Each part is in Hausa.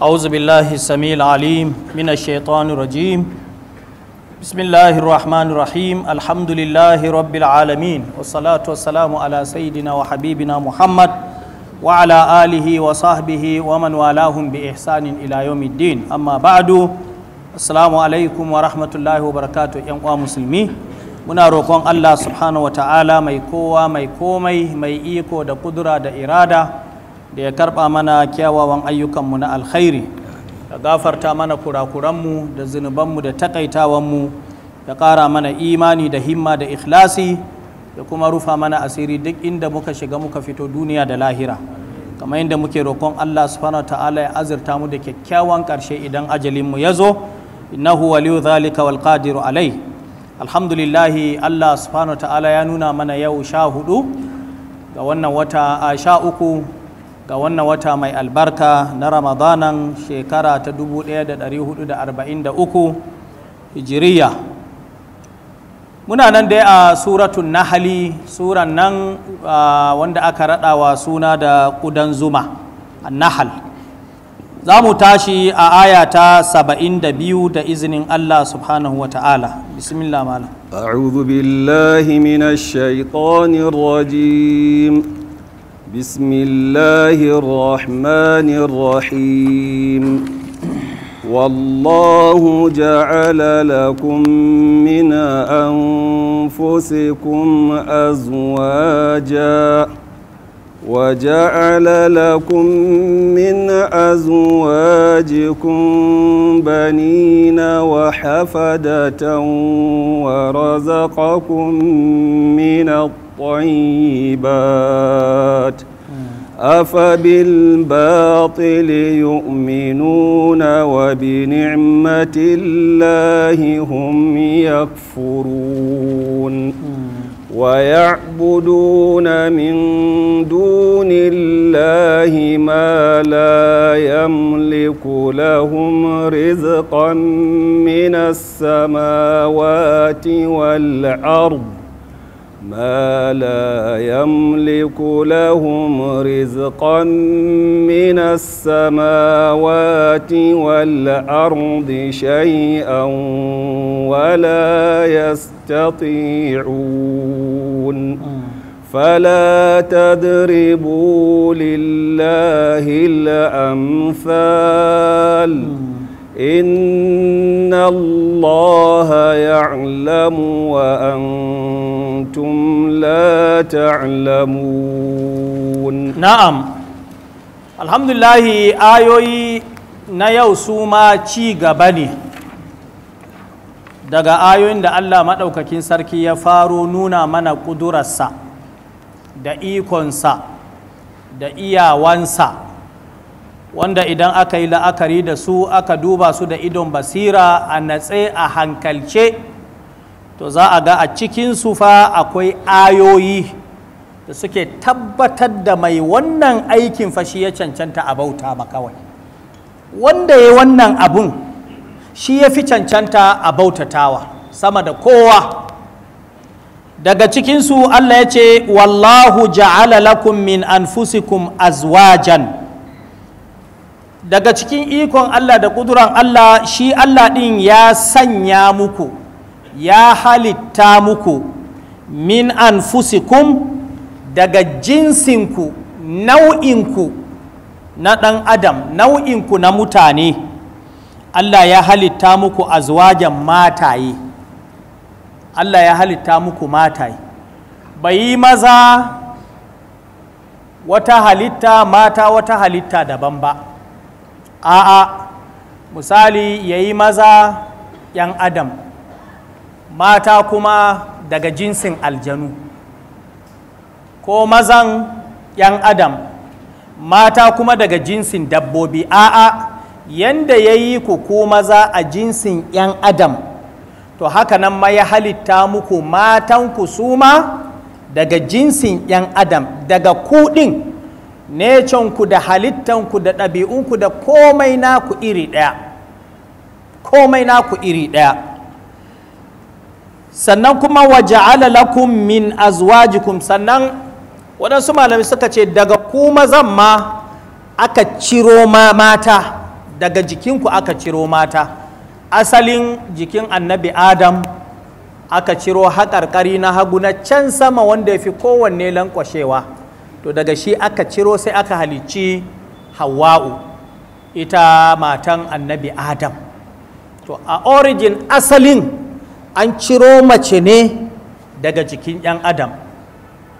أعوذ بالله السميع العليم من الشيطان الرجيم بسم الله الرحمن الرحيم الحمد لله رب العالمين والصلاة والسلام على سيدنا وحبيبنا محمد وعلى آله وصحبه ومن والاهم بإحسان إلى يوم الدين أما بعد السلام عليكم ورحمة الله وبركاته يا مسلمين muna roƙon Allah subhanahu wa ta'ala mai kowa mai komai mai iko da kudura da irada da ya karɓa mana kyawawan ayyukanmu na alkhairi ya gafarta mana kurakuranmu da zunubanmu da takaitawanmu ya kara mana imani da himma da ikhlasi da kuma rufa mana asiri duk inda muka shiga muka fito duniya da lahira kamar yadda muke roƙon Allah subhanahu ta'ala ya azurta mu da kyakkyawan ƙarshe idan ajalinmu ya zo innahu waliyu zalika wal qadiru alai alhamdulillahi Allah subhanahu ta'ala ya nuna mana yau sha hudu ga wannan wata a sha uku ga wannan wata mai albarka na ramadanan shekara ta 1443 hijiriya muna nan dai a suratun nahali suran nan wanda aka raɗawa suna da ƙudan zuma a nahal za mu tashi a ayata ta 72 da izinin Allah subhanahu wa ta'ala bismillah malam a'udhu billahi minash shaitanir rajim بسم الله الرحمن الرحيم والله جعل لكم من أنفسكم أزواجا وجعل لكم من أزواجكم بنين وحفدة ورزقكم من الطيب الطيبات أفبالباطل يؤمنون وبنعمة الله هم يكفرون ويعبدون من دون الله ما لا يملك لهم رزقا من السماوات والأرض ما لا يملك لهم رزقا من السماوات والأرض شيئا ولا يستطيعون فلا تدربوا لله الأمثال إن الله يعلم وأنتم la ta'lamun na'am تعلمون ayoyi na yau su ma ci gaba ne daga ayoyin da Allah maɗaukakin sarki ya faro nuna mana ƙudurarsa da ikonsa da iyawansa wanda idan aka yi la'akari da su aka duba su da idon basira a natse a hankalce to za a ga a cikin su fa akwai ayoyi da suke tabbatar da mai wannan aikin fashi ya cancanta a bauta ba kawai wanda ya wannan abun shi ya fi cancanta a bautatawa sama da kowa daga cikinsu Allah ya ce wallahu ja'ala lakum min anfusikum azwajan daga cikin ikon Allah da kuduran Allah shi Allah ɗin ya sanya muku ya halitta muku min anfusikum daga jinsinku nau'inku na ɗan adam nau'inku na mutane Allah ya halitta muku azwajan mataye Allah ya halitta muku mataye bai yi maza wata halitta mata wata halitta daban ba a'a misali ya yi maza 'yan adam mata kuma daga jinsin aljanu ko mazan 'yan adam mata kuma daga jinsin dabbobi a'a yanda ya yi ku ko maza a jinsin 'yan adam to haka nan ma ya halitta muku matanku su ma daga jinsin 'yan adam daga kuɗin ku da halittanku da ɗabi'unku da komai naku iri ɗaya komai naku iri ɗaya sannan kuma waje lakum min azwajikum sannan waɗansu malami suka ce daga ku mazan ma aka ciro ma mata daga jikinku aka ciro mata asalin jikin annabi adam aka ciro haƙarƙari na hagu na can sama wanda ya fi kowanne lankwashewa to daga shi aka ciro sai aka halicci hawa'u ita matan annabi adam to a origin asalin an ciro mace ne daga jikin 'yan adam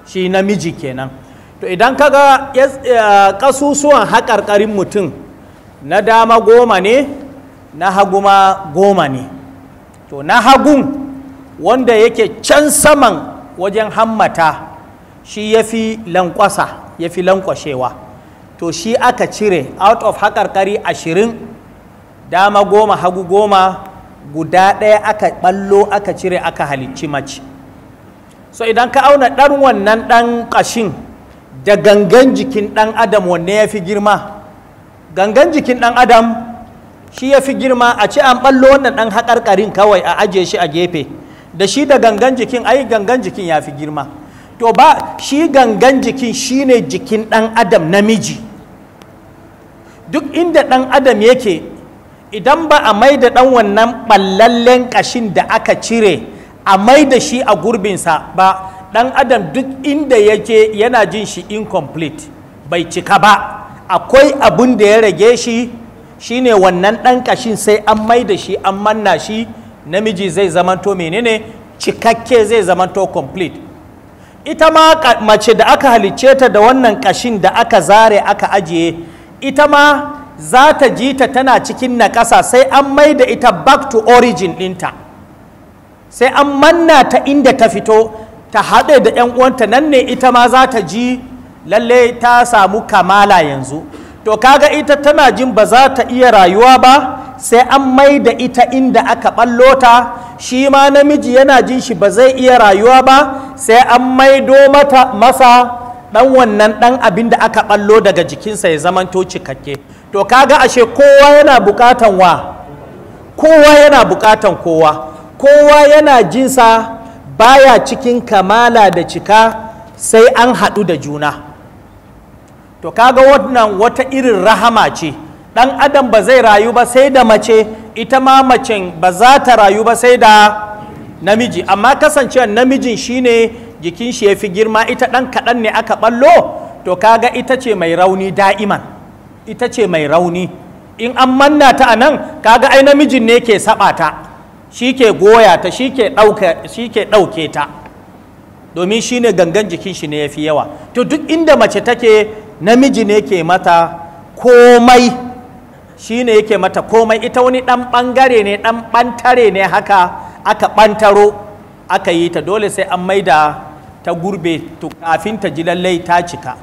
shi namiji kenan to idan kaga eh, ƙasusuwan haƙarƙarin mutum na dama goma ne na hagu ma goma ne to na hagun wanda yake can saman wajen hammata shi ya fi lankwasa ya fi lankwashewa to shi aka cire out of haƙarƙari ashirin dama goma hagu goma guda ɗaya aka ɓallo aka cire aka halicci mace so idan ka auna ɗan wannan ɗan ƙashin da gangan jikin ɗan adam wanne ya fi girma gangan jikin ɗan adam shi ya fi girma a ce an ɓallo wannan ɗan haƙarƙarin kawai a ajiye shi a gefe da shi da gangan jikin ai gangan jikin ya fi girma to ba shi gangan jikin shine jikin ɗan adam namiji duk inda ɗan adam yake idan ba a maida ɗan wannan ɓallallen ƙashin da aka cire a mai da shi a gurbinsa ba ɗan adam duk inda yake yana jin shi incomplete bai cika ba akwai abin da ya rage shi shine wannan ɗan ƙashin sai an mai da shi an manna shi namiji zai zamanto menene cikakke zai zamanto complete ita ma mace da aka halicce ta da wannan ƙashin da aka zare aka ajiye ita ma za ta ji ta tana cikin naƙasa sai an mai da ita back to origin ɗinta sai an manna ta inda ta fito ta haɗe da 'yan uwanta nan ne ita ma za ta ji lalle ta samu kamala yanzu to kaga ita tana jin ba za ta iya rayuwa ba sai an mai da ita inda aka ɓallo ta shi ma namiji yana jin shi ba zai iya rayuwa ba sai an maido mata masa ɗan wannan ɗan abin da aka ɓallo daga jikinsa ya zamanto cikakke to kaga ashe kowa yana bukatan wa kowa yana bukatan kowa kowa yana jinsa baya cikin kamala da cika sai an haɗu da juna to kaga wannan wata irin rahama ce ɗan adam ba zai rayu ba sai da mace ita ma macen ba za ta rayu ba sai da namiji amma kasancewa namijin shine jikin shi ya fi girma ita ɗan kaɗan ne aka ɓallo to kaga ita ce mai rauni da'iman ita ce mai rauni in an manna ta a nan kaga ai namijin ne ke saba ta shi ke goya ta shi ke ɗauke ta domin shi ne gangan jikin shi ne ya fi yawa to duk inda mace take namiji ne ke mata komai shi ne yake mata komai ita wani ɗan ɓangare ne ɗan ɓantare ne haka aka ɓantaro aka yi ta dole sai an maida ta gurbe kafin ta ji lallai ta cika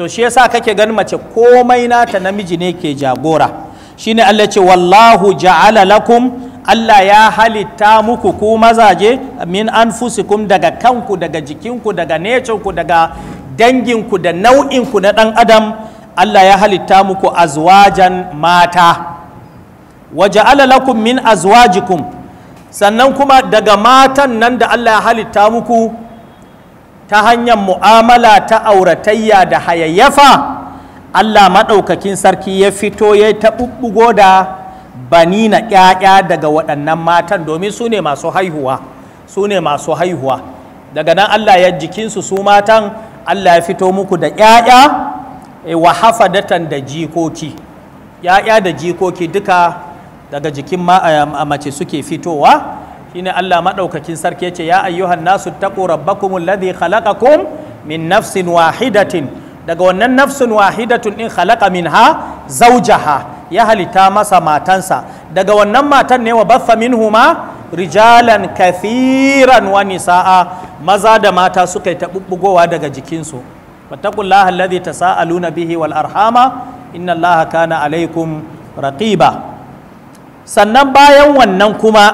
to shi yasa kake gan mace komai nata namiji ne ke jagora shine Allah ce wallahu ja'ala lakum Allah ya halitta muku ku mazaje min anfusikum daga kanku daga jikinku daga necinku daga danginku da nau'inku na dan adam Allah ya halitta muku azwajan mata waje lakum min azwajikum sannan kuma daga matan nan da Allah ya halitta muku ta hanyar mu'amala ta auratayya da hayayyafa Allah maɗaukakin sarki ya fito ya ta taɓuɓɓugo da bani na ƙyaƙya daga waɗannan matan domin su ne masu haihuwa su ne masu haihuwa daga nan Allah ya jikinsu su matan Allah ya fito muku da ƙyaƙya eh, wa hafadatan da jikoki ƙyaƙya da jikoki duka daga jikin eh, mace suke fitowa shine Allah madaukakin sarki yace ya ayyuhan nasu taqu rabbakumul ladhi khalaqakum min nafsin wahidatin daga wannan nafsin wahidatun din khalaqa minha zawjaha ya halitta masa matansa daga wannan matan ne wa baffa minhuma rijalan kathiran wa nisaa maza da mata suka yi tabubbugowa daga jikinsu wattaqullaha alladhi tasaaluna bihi wal arhama inna allaha kana alaikum raqiba sannan bayan wannan kuma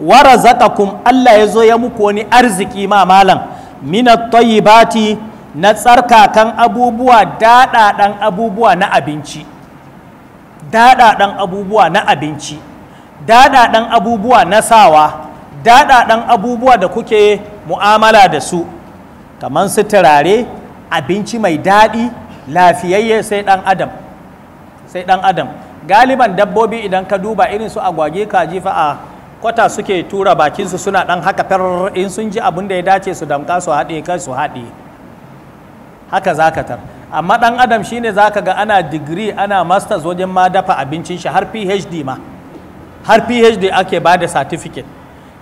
warazaqakum Allah ya zo ya muku wani arziki ma malam minat tayyibati na tsarkakan abubuwa daɗaɗan abubuwa na abinci daɗaɗan abubuwa na abinci daɗaɗan abubuwa na sawa daɗaɗan abubuwa da kuke mu'amala da su kamar su turare abinci mai daɗi lafiyayye sai ɗan adam sai ɗan adam galiban dabbobi idan ka duba irin su agwage kaji fa a kwata suke tura bakinsu suna ɗan haka farar in sun ji abin da ya dace su damka su haɗe kai su haɗe haka tar amma dan adam shine zaka ga ana digiri ana masters wajen ma dafa abincin shi har phd ma har phd ake ba da certificate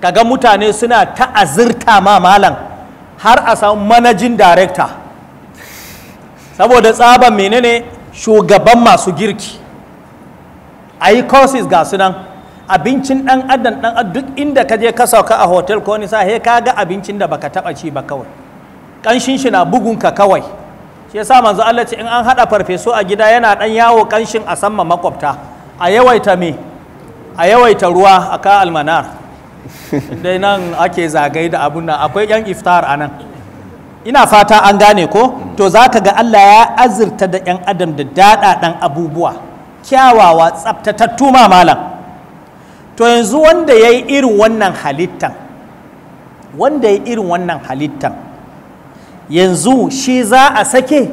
kaga mutane suna ta'azirta ma malam har a samu managing director saboda tsaban menene shugaban masu girki a yi courses ga sunan abincin dan adam dan duk inda ka je ka sauka a hotel ko nisa he ka ga abincin da baka taba ci ba kawai kanshin shi na bugun ka kawai shi yasa manzo Allah ce in an hada farfeso a gida yana dan yawo kanshin a samma makwabta a yawaita me a yawaita ruwa a ka almanar dai nan ake zagaye da abun nan akwai yan iftar anan ina fata an gane ko to zaka ga Allah ya azurta da 'yan adam da ɗan abubuwa kyawawa tsaftatattu ma malam to yanzu wanda ya yi irin wannan halittan wanda ya yi irin wannan halittan yanzu shi za a sake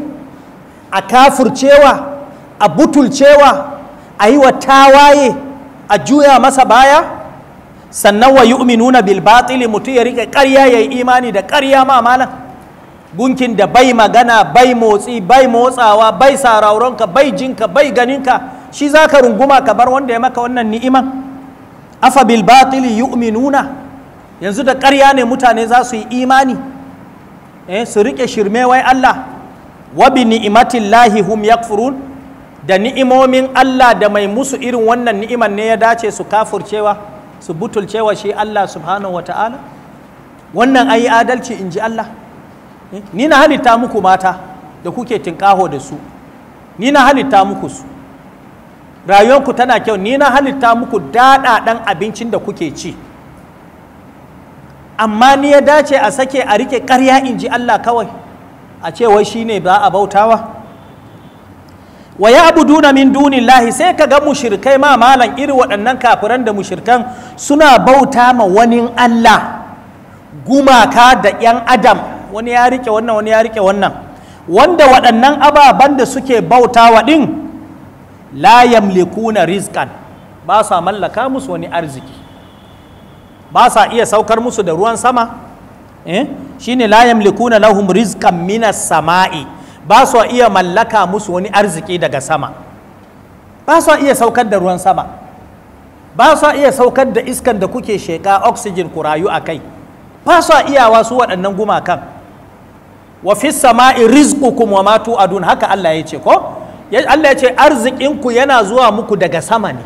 a kafurcewa a butulcewa a yi wa tawaye a juya masa baya sannan wa yu'minuna bil batili mutum ya rike ƙarya ya yi imani da karya ma malam gunkin da bai magana bai motsi bai motsawa bai sarauranka, bai jinka bai ganinka shi za ka runguma ka bar wanda ya maka wannan ni'iman afa bil batili yu'minuna yanzu da ƙarya ne mutane za su yi imani eh su rike shirme wai Allah wa bi ni'matillahi hum yakfurun da ni'imomin Allah da mai musu irin wannan ni'iman ne ya dace su kafurcewa su butulcewa shi Allah subhanahu wata'ala wannan ayi adalci in ji Allah eh, ni na halitta muku mata da kuke tinkaho da su ni na halitta muku su rayuwanku tana kyau ni na halitta muku daɗaɗan abincin da kuke ci amma ni ya dace a sake a rike karya in ji Allah kawai a ce wai shine ba a bautawa wa ya duna min lahi sai ka ga mushirkai ma malan iri waɗannan kafiran da mushirkan suna bauta ma wani Allah gumaka da ‘yan adam wani ya rike wannan wani ya rike wannan wanda waɗannan ababen da suke bautawa ɗin la yamlikuna rizqan ba sa mallaka musu wani arziki ba sa iya saukar musu da ruwan sama eh shine la yamlikuna lahum rizqan minas sama'i ba sa iya mallaka musu wani arziki daga sama ba sa iya saukar da ruwan sama ba sa iya saukar da iskan da kuke sheka oxygen ku rayu a kai ba sa iyawa su waɗannan gumakan wa fis sama'i rizqukum wa ma tu'adun haka Allah ya ce ko Allah ya ce arzikinku yana zuwa muku daga sama ne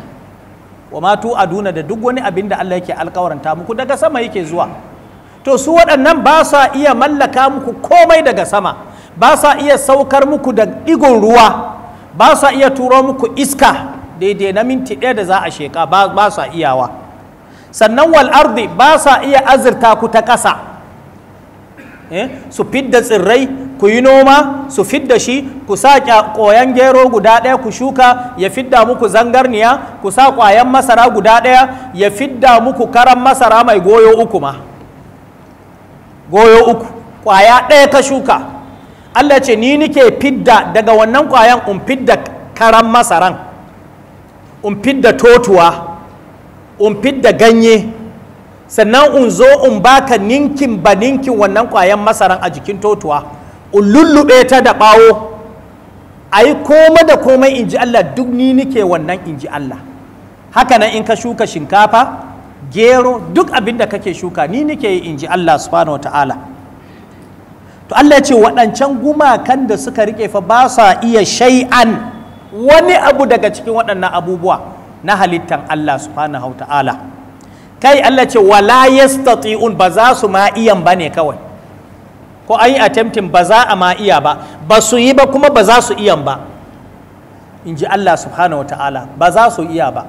wa matu aduna da duk wani abin da Allah yake alkawaranta muku daga sama yake zuwa to su waɗannan ba sa iya mallaka muku komai daga sama ba sa iya saukar muku da igon ruwa ba sa iya turo muku iska daidai na minti ɗaya da za a sheka ba sa iyawa sannan wal ardi ba sa iya azurta ku ta ƙasa eh, su fidda tsirrai ku yi noma su fidda shi ku sa koyan gero guda ɗaya ku shuka ya fidda muku zangarniya ku sa ƙwayan masara guda ɗaya ya fidda muku karan masara mai goyo uku ma goyo uku ƙwaya ɗaya ka shuka Allah ce ni nike fidda daga wannan ƙwayan in fidda karan masaran in fidda totuwa in fidda ganye sannan in zo in baka ninkin ba ninkin wannan ƙwayan masaran a jikin totuwa lullube ta da bawo. a yi koma da komai in ji Allah duk ni nike wannan in ji Allah haka nan in ka shuka shinkafa gero duk abin da kake shuka ni nike yi in ji Allah subhanahu ta'ala to Allah ya ce waɗancan gumakan da suka riƙe fa ba sa iya shay'an wani abu daga cikin waɗannan abubuwa na halittan Allah subhanahu ta'ala kai Allah ce wala yastati'un ba za su ma iyan bane kawai ko an yi attempting ba za a ma iya ba ba su yi ba kuma ba za su iya ba in ji Allah subhanahu wa ta'ala ba za su iya ba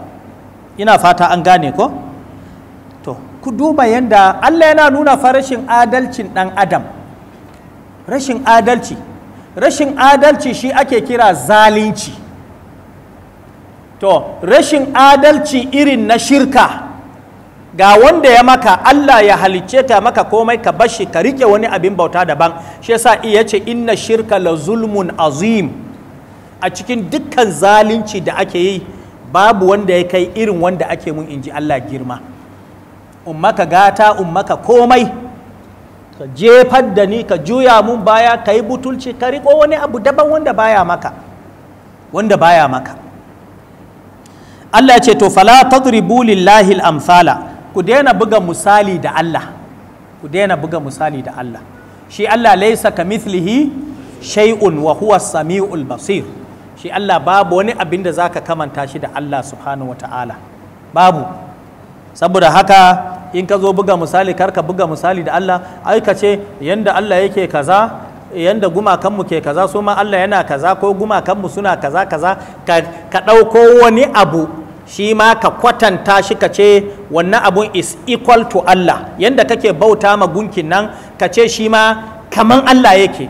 ina fata an gane ko to ku duba yadda Allah yana nuna fa rashin adalcin dan adam rashin adalci rashin adalci shi ake kira zalunci to rashin adalci irin na shirka ga wanda ya maka Allah ya halicce ta maka komai ka bashi ka rike wani abin bauta daban shi yasa iya ce inna shirka la zulmun azim a cikin dukkan zalunci da ake yi babu wanda ya kai irin wanda ake mun inji Allah girma ummaka gata ummaka komai ka jefar da ni ka juya mun baya ka yi butulci ka riko wani abu daban wanda baya maka wanda baya maka Allah ce to fala tadribu lillahi al-amsala ku daina buga misali da Allah ku daina buga misali da Allah shi Allah laisa ka mithlihi shay'un wa huwa samiul basir shi Allah babu wani abin da zaka kamanta shi da Allah subhanahu wata'ala babu saboda haka in ka zo buga misali karka buga misali da Allah ai ka ce yanda Allah yake kaza yanda gumakanmu ke kaza su ma Allah yana kaza ko gumakanmu suna kaza kaza ka ɗauko wani abu shi ma ka kwatanta shi ka ce wannan abun is equal to Allah Yadda kake bauta ma gunkin nan ka ce shi ma kaman Allah yake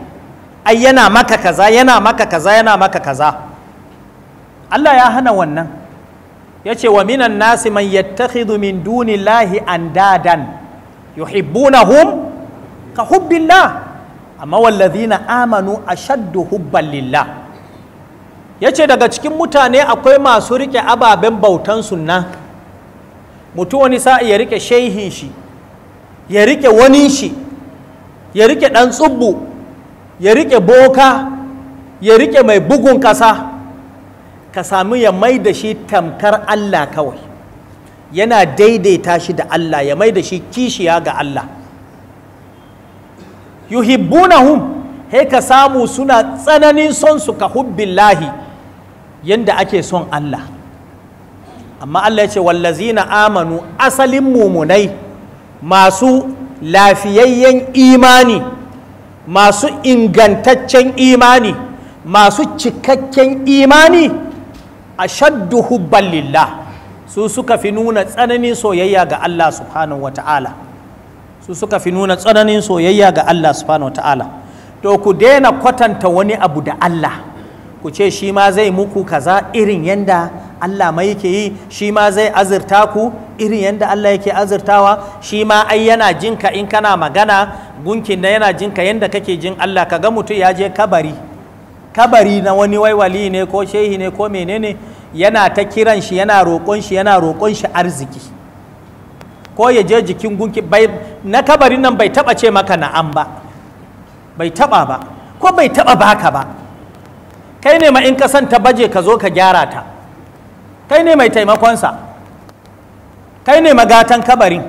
ai yana maka kaza yana maka kaza yana maka kaza Allah ya hana wannan ya ce wa minan nasi man yattakhidhu min dunillahi andadan yuhibbunahum ka hubbillah amma wallazina amanu ashaddu hubban lillah ya ce daga cikin mutane akwai masu rike ababen bautan sunna mutum wani sa'i ya rike shehin shi ya rike wani shi ya rike dan tsubbu ya rike boka ya rike mai bugun kasa ka sami ya mai da shi tamkar Allah kawai yana daidaita shi da Allah ya mai da shi kishiya ga Allah yuhibbunahum he ka samu suna tsananin son su ka hubbillahi yadda ake son Allah amma Allah ya ce wallazina amanu asalin mumunai masu lafiyayyen imani masu ingantaccen imani masu cikakken imani a shaddu hubban lillah su suka fi nuna tsananin soyayya ga Allah subhanahu wa ta'ala su suka fi nuna tsananin soyayya ga Allah subhanahu wa ta'ala to ku daina kwatanta wani abu da Allah ku ce shi ma zai muku kaza irin yanda Allah mai yake yi shi ma zai azurta ku irin yanda Allah yake azurtawa shi ma ai yana jinka in kana magana gunkin na yana jinka yanda kake jin Allah kaga mutum ya je kabari kabari na wani waiwali ne ko shehi ne ko menene yana ta kiran shi yana roƙon shi yana roƙon shi arziki ko ya je jikin gunki bai na kabarin nan bai taba ce maka na'am ba bai taba ba ko bai taba baka ba kai ne ma in kasan ta baje ka zo ka gyara ta kai ne mai taimakonsa kai ne magatan kabarin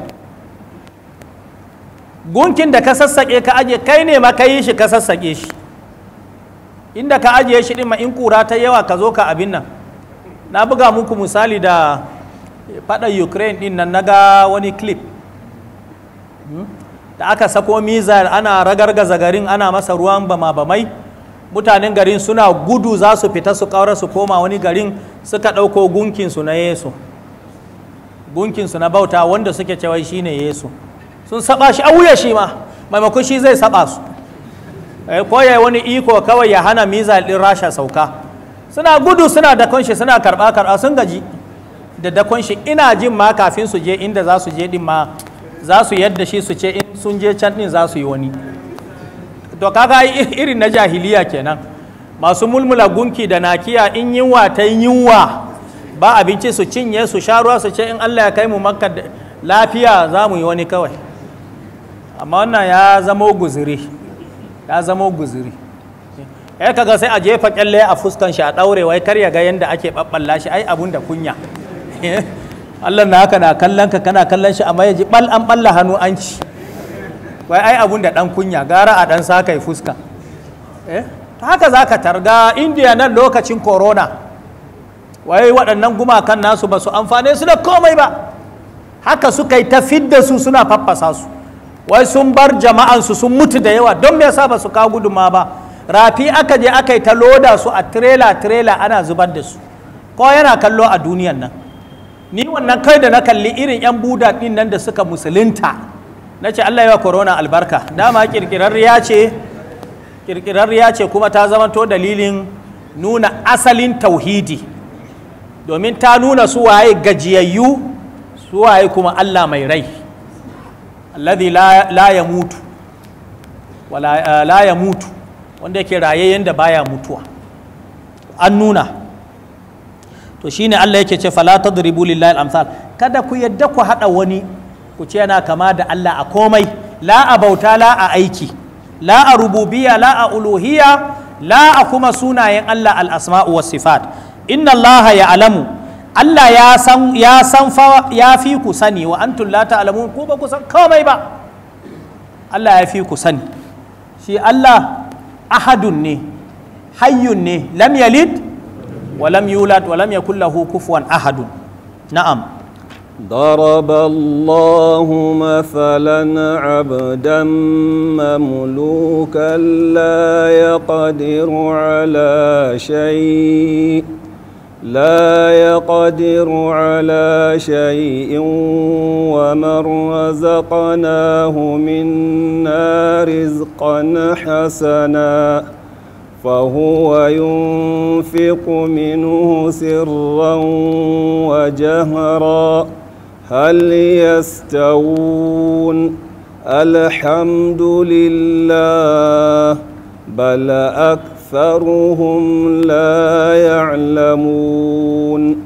gunkin da ka sassaƙe ka aje kai ne ma ka yi shi ka sassaƙe shi inda ka ajiye shi ɗin ma in kura ta yawa ka zo ka abin nan na buga muku misali da faɗa ukraine ɗin nan na ga wani clip hmm? da aka sako mizar ana ragargaza garin ana masa ruwan bama-bamai mutanen garin suna gudu za su fita su ƙaura su koma wani garin suka ɗauko gunkinsu na yesu gunkinsu na bauta wanda suke cewa shi ne yesu sun saba shi auya shi ma maimakon shi zai saba su eh, ko ya wani iko kawai ya hana mizal ɗin rasha sauka suna gudu suna dakon shi suna karɓa karɓa sun gaji da dakon shi ina jin ma kafin su je inda za su je ɗin ma za su yadda shi su ce in sun je can ɗin za su yi wani to kaga irin na jahiliya kenan masu mulmula gunki da nakiya in yinwa ta yunwa ba abinci su cinye su sha ruwa su ce in Allah ya kai mu makka lafiya za mu yi wani kawai amma wannan ya zamo guziri ya zamo guziri ya kaga sai a jefa kyalle a fuskan shi a daure wai kar ya ga yanda ake babballa shi ai abun da kunya Allah na haka na kallon ka kana kallon shi amma ya bal an balla hannu an ci wai ai abun da dan kunya gara a dan sa kai fuska eh haka za targa indiya nan lokacin corona wai waɗannan gumakan nasu ba su amfane su da komai ba haka suka yi ta fidda su suna faffasa su wai sun bar jama'ansu sun mutu da yawa don me yasa ba su kawo guduma ba rafi aka je aka yi ta loda su a trailer trailer ana zubar da su ko yana kallo a duniyan nan ni wannan kai da na kalli irin 'yan buda din nan da suka musulunta na ce Allah yawa korona albarka dama kirkirarriya ce ce kuma ta zamanto dalilin nuna asalin tauhidi domin ta nuna su waye gajiyayyu su waye kuma Allah mai rai alladhi la ya mutu la ya mutu eh, wanda yake rayayyen da baya mutuwa an nuna to shine Allah yake ce fala tadribu lillahi al-amsal kada ku yadda ku haɗa wani ku ce yana kama da Allah a komai la a bauta la a aiki la a rububiya la a uluhiya la a kuma sunayen Allah alasma'u asmau was sifat inna Allah ya alamu Allah ya san ya fi ku sani wa an la alamu ku ba ku san komai ba Allah ya fi ku sani shi Allah ahadun ne hayyun ne lam yalid wa lam yulad wa lam yakul lahu kufuwan ahadun na'am ضرب الله مثلا عبدا مملوكا لا يقدر على شيء لا يقدر على شيء ومن رزقناه منا رزقا حسنا فهو ينفق منه سرا وجهرا هل يستوون الحمد لله بل أكثرهم لا يعلمون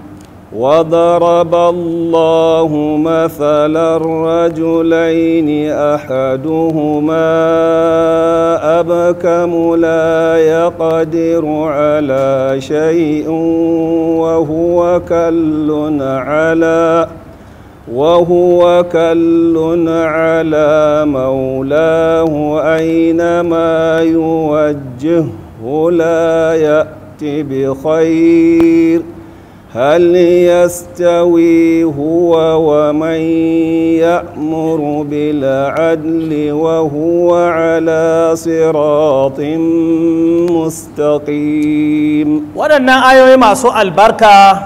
وضرب الله مثل الرجلين أحدهما أبكم لا يقدر على شيء وهو كل على وهو كل على مولاه أينما يوجهه لا يأتي بخير هل يستوي هو ومن يأمر بالعدل وهو على صراط مستقيم ودنا آيوي مع سؤال بركة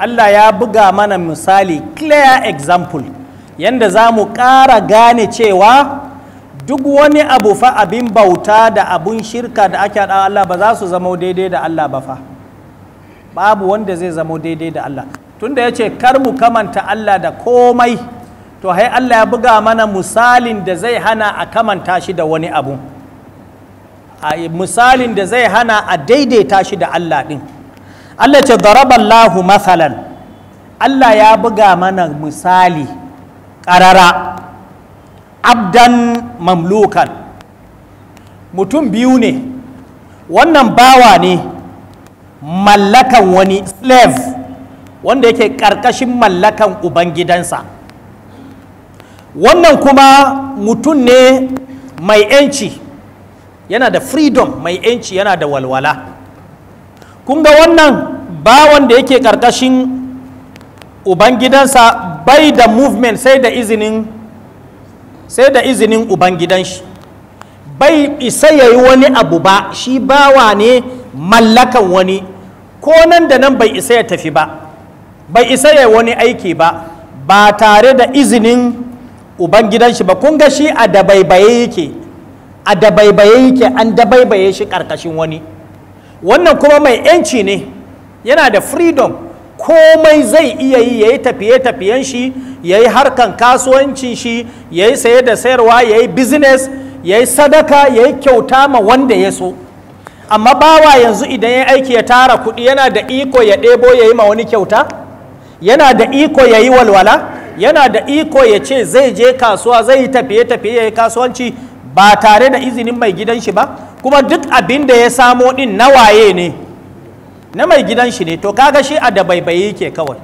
Allah ya buga mana misali clear example yanda za mu ƙara gane cewa duk wani abu fa abin bauta da abun shirka da ake haɗa Allah ba za su zama daidai da Allah ba fa babu wanda zai zama daidai da Allah tunda yace kar mu kamanta Allah da komai to hai Allah ya buga mana misalin da zai hana a kamanta shi da wani abu misalin da zai hana a daidaita shi da Allah ɗin. Allah ce daraballahu masalan Allah ya buga mana misali ƙarara abdan mamlukan mutum biyu ne wannan bawa ne mallakan wani slave wanda yake ƙarƙashin mallakan ubangidansa wannan kuma mutum ne mai yanci yana da freedom mai yanci yana da walwala kun ga wannan bawan da yake ƙarƙashin ubangidansa bai da movement sai da izinin sai da izinin ubangidanshi bai isa ya yi wani abu ba shi bawa ne mallakan wani ko nan da nan bai isa ya tafi ba bai isa ya yi wani aiki ba ba tare da izinin ubangidanshi ba kun ga shi a dabaibaye yake a dabaibaye yake an dabaibaye shi ƙarƙashin wani wannan kuma mai yanci ne yana da freedom komai zai iya yi ya yi tafiye-tafiyen shi ya yi harkan kasuwancin shi ya yi saye da sayarwa ya yi business ya yi sadaka ya yi kyauta ma wanda ya so amma bawa yanzu idan ya aiki ya tara kuɗi yana da iko ya ɗebo ya yi ma wani kyauta yana da iko ya yi walwala yana da iko ya ce zai je kasuwa zai yi tafiye-tafiye ya yi kasuwanci ba tare da izinin mai gidan shi ba kuma duk abin da ya samo din na waye ne na mai gidan shi ne to kaga shi a da baibaye ke kawai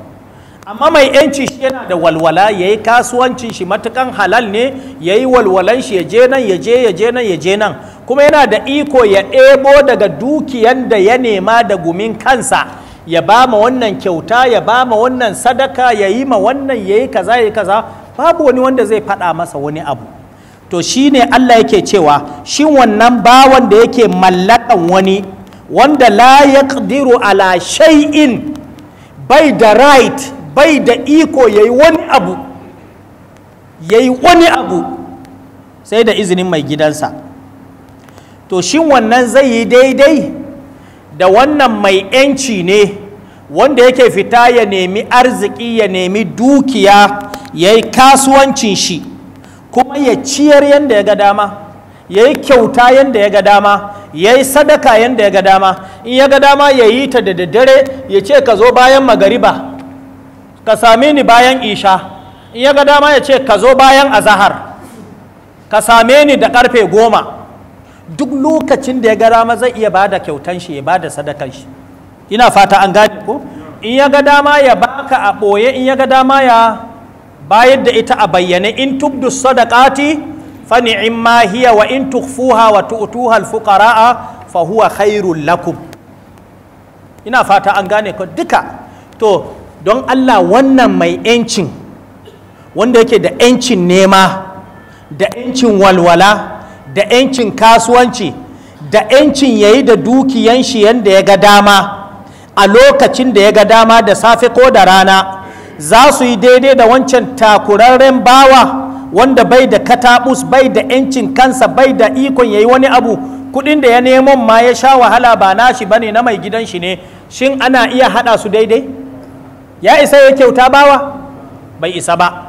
amma mai yanci shi yana da walwala ya yi kasuwancin shi matukan halal ne ya yi walwalan shi ya je nan ya je ya je nan ya je nan kuma yana da iko ya ɗebo daga dukiyan da ya nema da gumin kansa ya ba ma wannan kyauta ya ba ma wannan sadaka ya yi ma wannan ya yi kaza ya yi kaza babu wani wanda zai faɗa masa wani abu to shi ne Allah yake cewa shin wannan bawan da yake mallakan wani wanda la ƙadiru ala shay'in bai da right bai da iko ya yi wani abu Ya yi wani abu sai da izinin mai gidansa to shin wannan zai yi daidai da wannan mai yanci ne wanda yake fita ya nemi arziki ya nemi dukiya ya yi kasuwancin shi kuma ya ciyar yadda ya ga dama ya yi kyauta yadda ya ga dama ya yi sadaka yadda ya ga dama in ya ga dama ya yi ta da daddare ya ce ka zo bayan magariba ka same ni bayan isha in ya ga dama ya ce ka zo bayan azahar ka same ni da karfe goma duk lokacin da ya ga dama zai iya bada kyautan shi ya bada sadakan shi ina fata an gane ko in ya ga dama ya baka a ɓoye in ya ga dama ya bayar da ita a bayyane in tubdu sadaqati fa ni'imma hiya wa in tukhfuha wa tu'tuha al-fuqara'a fa huwa khairul lakum ina fata an gane ko duka to don Allah wannan mai yancin wanda yake da yancin nema da yancin walwala da yancin kasuwanci da yancin yayi da dukiyan shi yanda ya ga dama a lokacin da ya ga dama da safe ko da rana za su yi daidai da wancan takurarren bawa wanda bai da katabus bai da 'yancin kansa bai da ikon ya yi wani abu kudin da ya neman ma ya sha wahala ba nashi ba ne na mai gidan shi ne shin ana iya hada su daidai ya isa ya kyauta bawa bai isa ba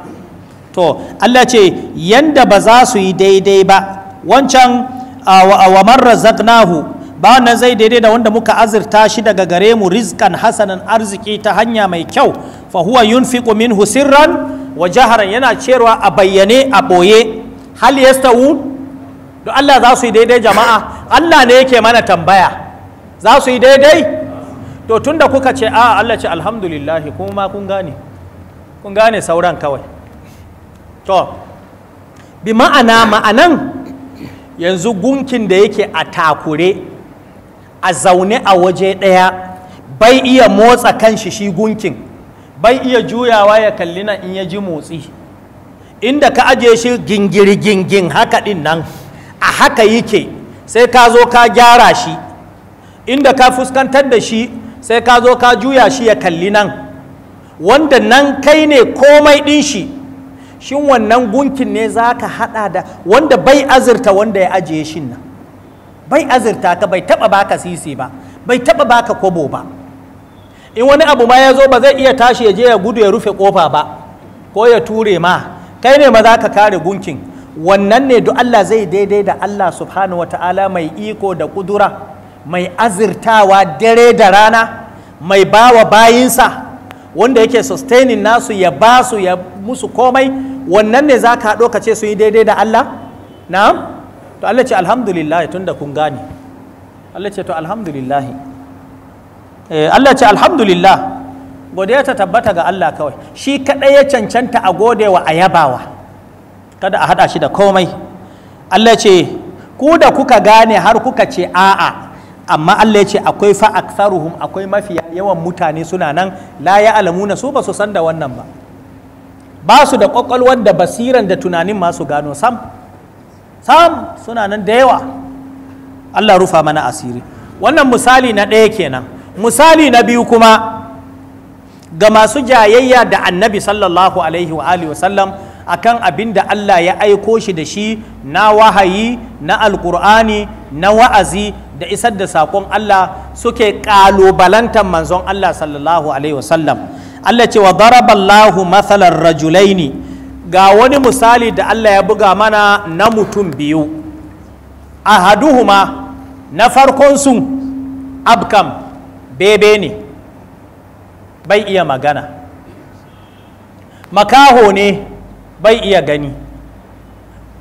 to allah ce yanda ba za su yi daidai ba wancan wa marrazaqnahu ba nan zai daidai da wanda muka azurta shi daga gare mu rizkan hasanan arziki ta hanya mai kyau fa huwa yunfiqu minhu sirran wa jaharan yana cewa a bayyane a boye hal yastawu to Allah za su yi daidai jama'a Allah ne yake mana tambaya za su yi daidai to tunda kuka ce a Allah ce alhamdulillah kuma kun gane kun gane sauran kawai to bi ma'ana ma'anan yanzu gunkin da yake a takure a zaune a waje ɗaya bai iya motsa kanshi shi gunkin bai iya juyawa ya kalli nan in ya ji motsi inda ka aje shi gingiri gingin haka din nan a haka yake sai ka zo ka gyara shi inda ka fuskantar da shi sai ka zo ka juya shi ya kalli nan wanda nan kai ne komai ɗin shi shin wannan gunkin ne za ka haɗa da wanda bai azurta wanda ya ajiye shin nan bai azurta ka bai taɓa baka sisi ba bai taɓa baka kobo ba in wani abu ma ya zo ba zai iya tashi ya je ya gudu ya rufe kofa ba ko ya ture ma kai ne ma za ka kare gunkin wannan ne duk Allah zai daidai da Allah subhanahu wata'ala mai iko da kudura mai azirtawa dare da rana mai bawa bayinsa wanda yake sustaining nasu ya ba su ya musu komai wannan ne za ka ka ce su yi daidai da Allah na to Allah ce alhamdulillah da kun gane Allah ce to alhamdulillah Eh, Allah ce alhamdulillah godiya ta tabbata ga Allah kawai shi kaɗai ya cancanta a godewa a yabawa kada a haɗa shi da komai Allah ce ku da kuka gane har kuka ce a'a amma Allah ya ce akwai fa aktsaruhum akwai mafiya yawan mutane suna nan la ya alamuna su ba su san da wannan ba ba su da kwakwalwar da basiran da tunanin masu gano sam sam suna nan da yawa Allah rufa mana asiri wannan misali na ɗaya kenan misali na biyu kuma ga masu jayayya da annabi sallallahu alaihi wa alihi wasallam abin da Allah ya aiko shi da shi na wahayi na alkur'ani na wa'azi da isar da saƙon Allah suke ƙalubalantar manzon Allah sallallahu alaihi wasallam Allah ce wa daraballahu matsalar rajulaini ga wani misali da Allah ya buga mana na mutum biyu ahaduhuma na farkon su abkam bebe ne bai iya magana makaho ne bai iya gani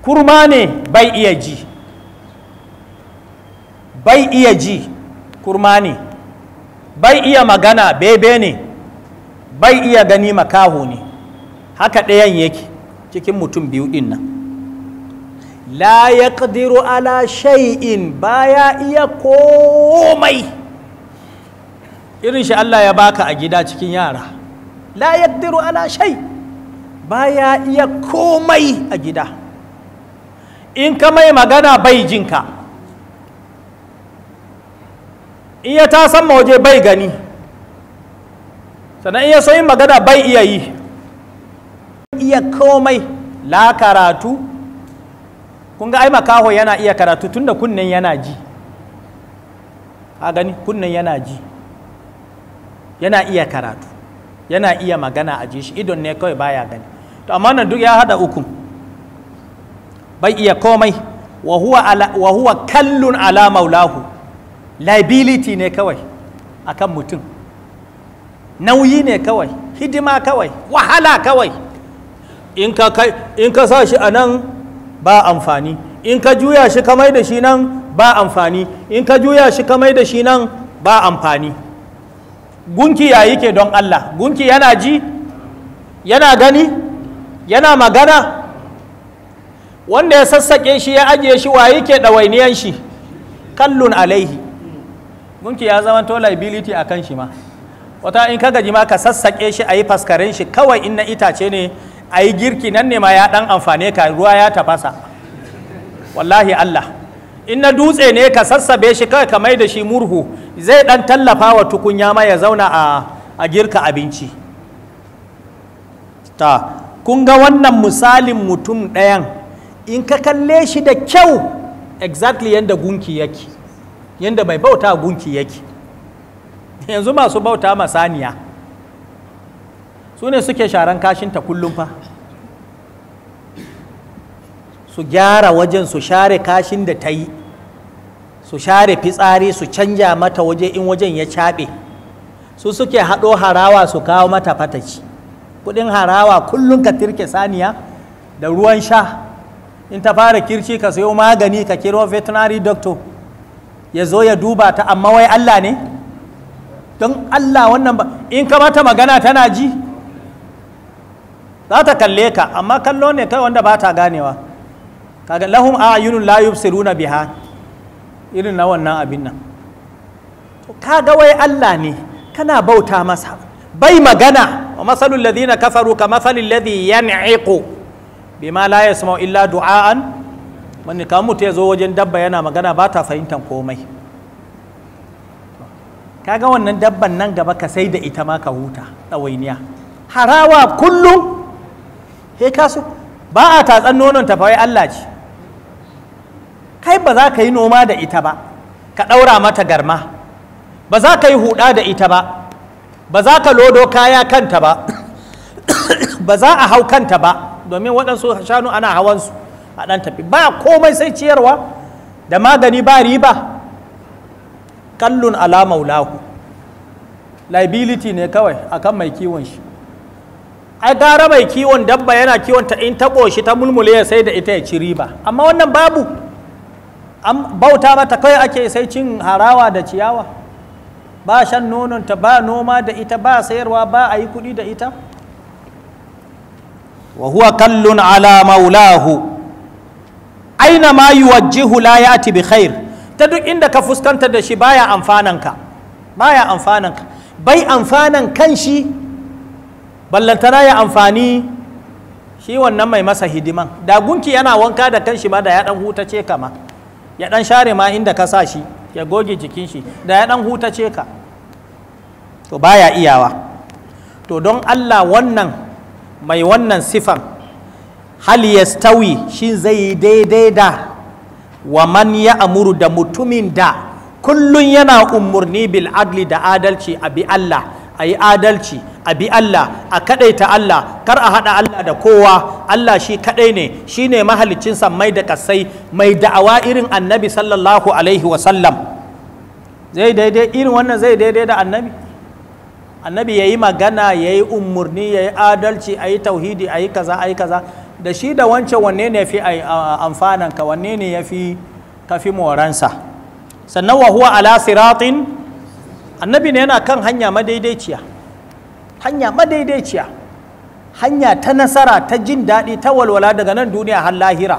kurma ne bai iya ji bai iya ji kurma ne bai iya magana bebe ne bai iya gani makaho ne haka ɗayan yake cikin mutum biyu ɗin nan la ya ala shay'in baya iya komai irin shi Allah ya baka a gida cikin yara la yaddiru ala shai baya iya komai a gida in ka mai magana bai jinka in ya ta waje bai gani sannan in ya so yin magana bai iya yi iya komai la karatu kun ga ai makaho yana iya karatu tunda kunnen yana ji a gani kunnen yana ji yana iya karatu yana iya magana a shi idon ne kawai baya gani to amma nan duk ya hada uku bai iya komai wa huwa kallun ala maulahu liability ne kawai akan mutum nauyi ne kawai hidima kawai wahala kawai in ka in ka sa shi a nan ba amfani in ka juya shi kamai da shi nan ba amfani in ka juya shi kamai da shi nan ba amfani gunki ya ke don Allah gunki yana ji yana gani yana magana wanda ya sassaƙe shi ya ajiye shi wa yake ɗawainiyan shi kallun alaihi gunki ya zama to liability a kan shi ma wata in ka gaji ma ka sassaƙe shi a yi faskaren shi kawai in na itace ne a yi girki nan ne ma ya ɗan amfane ka ruwa ya tafasa wallahi Allah in na dutse ne ka sassabe shi kawai ka mai da shi murhu zai dan tallafa wa tukunya ma ya zauna a, a girka abinci ta kun ga wannan misalin mutum ɗayan in ka kalle shi da kyau exactly yadda gunki yake yadda mai bauta gunki yake yanzu masu bauta masaniya su ne suke sharan kashinta kullum fa su gyara wajen su share kashin da ta yi su share fitsari su canja mata waje in wajen ya caɓe su suke haɗo harawa su kawo mata fataci kudin harawa kullum ka tirke saniya da ruwan sha in ta fara kirci ka sayo magani ka kiro veterinary doctor ya zo ya duba ta amma wai Allah ne don Allah wannan ba in ka mata magana tana ji za ta kalle ka amma kallo ne kai wanda ba ta ganewa kaga lahum ayunun la yubsiruna biha irin na wannan abin nan kaga wai Allah ne kana bauta masa bai magana wa masalul ladina kafaru ka masalil ladhi yan'iqu bima la yasma'u illa du'aan wani ka mutu ya zo wajen dabba yana magana ba ta fahimtar komai kaga wannan dabban nan gaba ka sai da ita ma ka huta ɗawainiya harawa kullum he kasu ba a tatsan nonon ta fa Allah ce kai ba za ka yi noma da ita ba ka ɗaura mata garma ba za ka yi huɗa da ita ba ba za ka lodo kaya kanta ba ba za a hau kanta ba domin waɗansu shanu ana hawansu a ɗan tafi ba komai sai ciyarwa da magani ba riba kallun ala maulahu liability ne kawai akan mai kiwon shi ai gara mai kiwon dabba yana kiwon ta in taɓo shi ta mulmule ya sai da ita ya ci riba amma wannan babu an bauta mata kai ake sai cin harawa da ciyawa ba shan nononta ba noma da ita ba sayarwa ba a yi kuɗi da ita wa huwa kallun ala maulahu aina ma yuwajjihu la ya'ti bi khair ta duk inda ka fuskanta da shi baya amfananka baya amfananka bai amfanan kan shi ballantana ya amfani shi wannan mai masa hidiman da gunki yana wanka da kan shi ma da ya dan huta ce kama ya dan share ma inda ka sa shi ya goge jikin shi da ya dan hutace ka to baya iyawa to don Allah wannan mai wannan sifan hal stawi shi zai daidai da wa man ya amuru da mutumin da kullun yana umurni bil adli da adalci a bi Allah a yi adalci a bi Allah a kadaita Allah kar a hada Allah da kowa Allah shi kadai ne shine mahaliccin mai da kasai mai da'awa irin annabi sallallahu alaihi wasallam zai daidai irin wannan zai daidai da annabi annabi ya yi magana ya yi umurni ya yi adalci a yi tauhidi a yi kaza a yi kaza da shi da wancan wanne ne fi amfananka wanne ne ya fi kafi moransa sannan wa huwa ala siratin annabi ne yana kan hanya madaidaiciya hanya madaidaiciya hanya ta nasara ta jin daɗi ta walwala daga nan duniya har lahira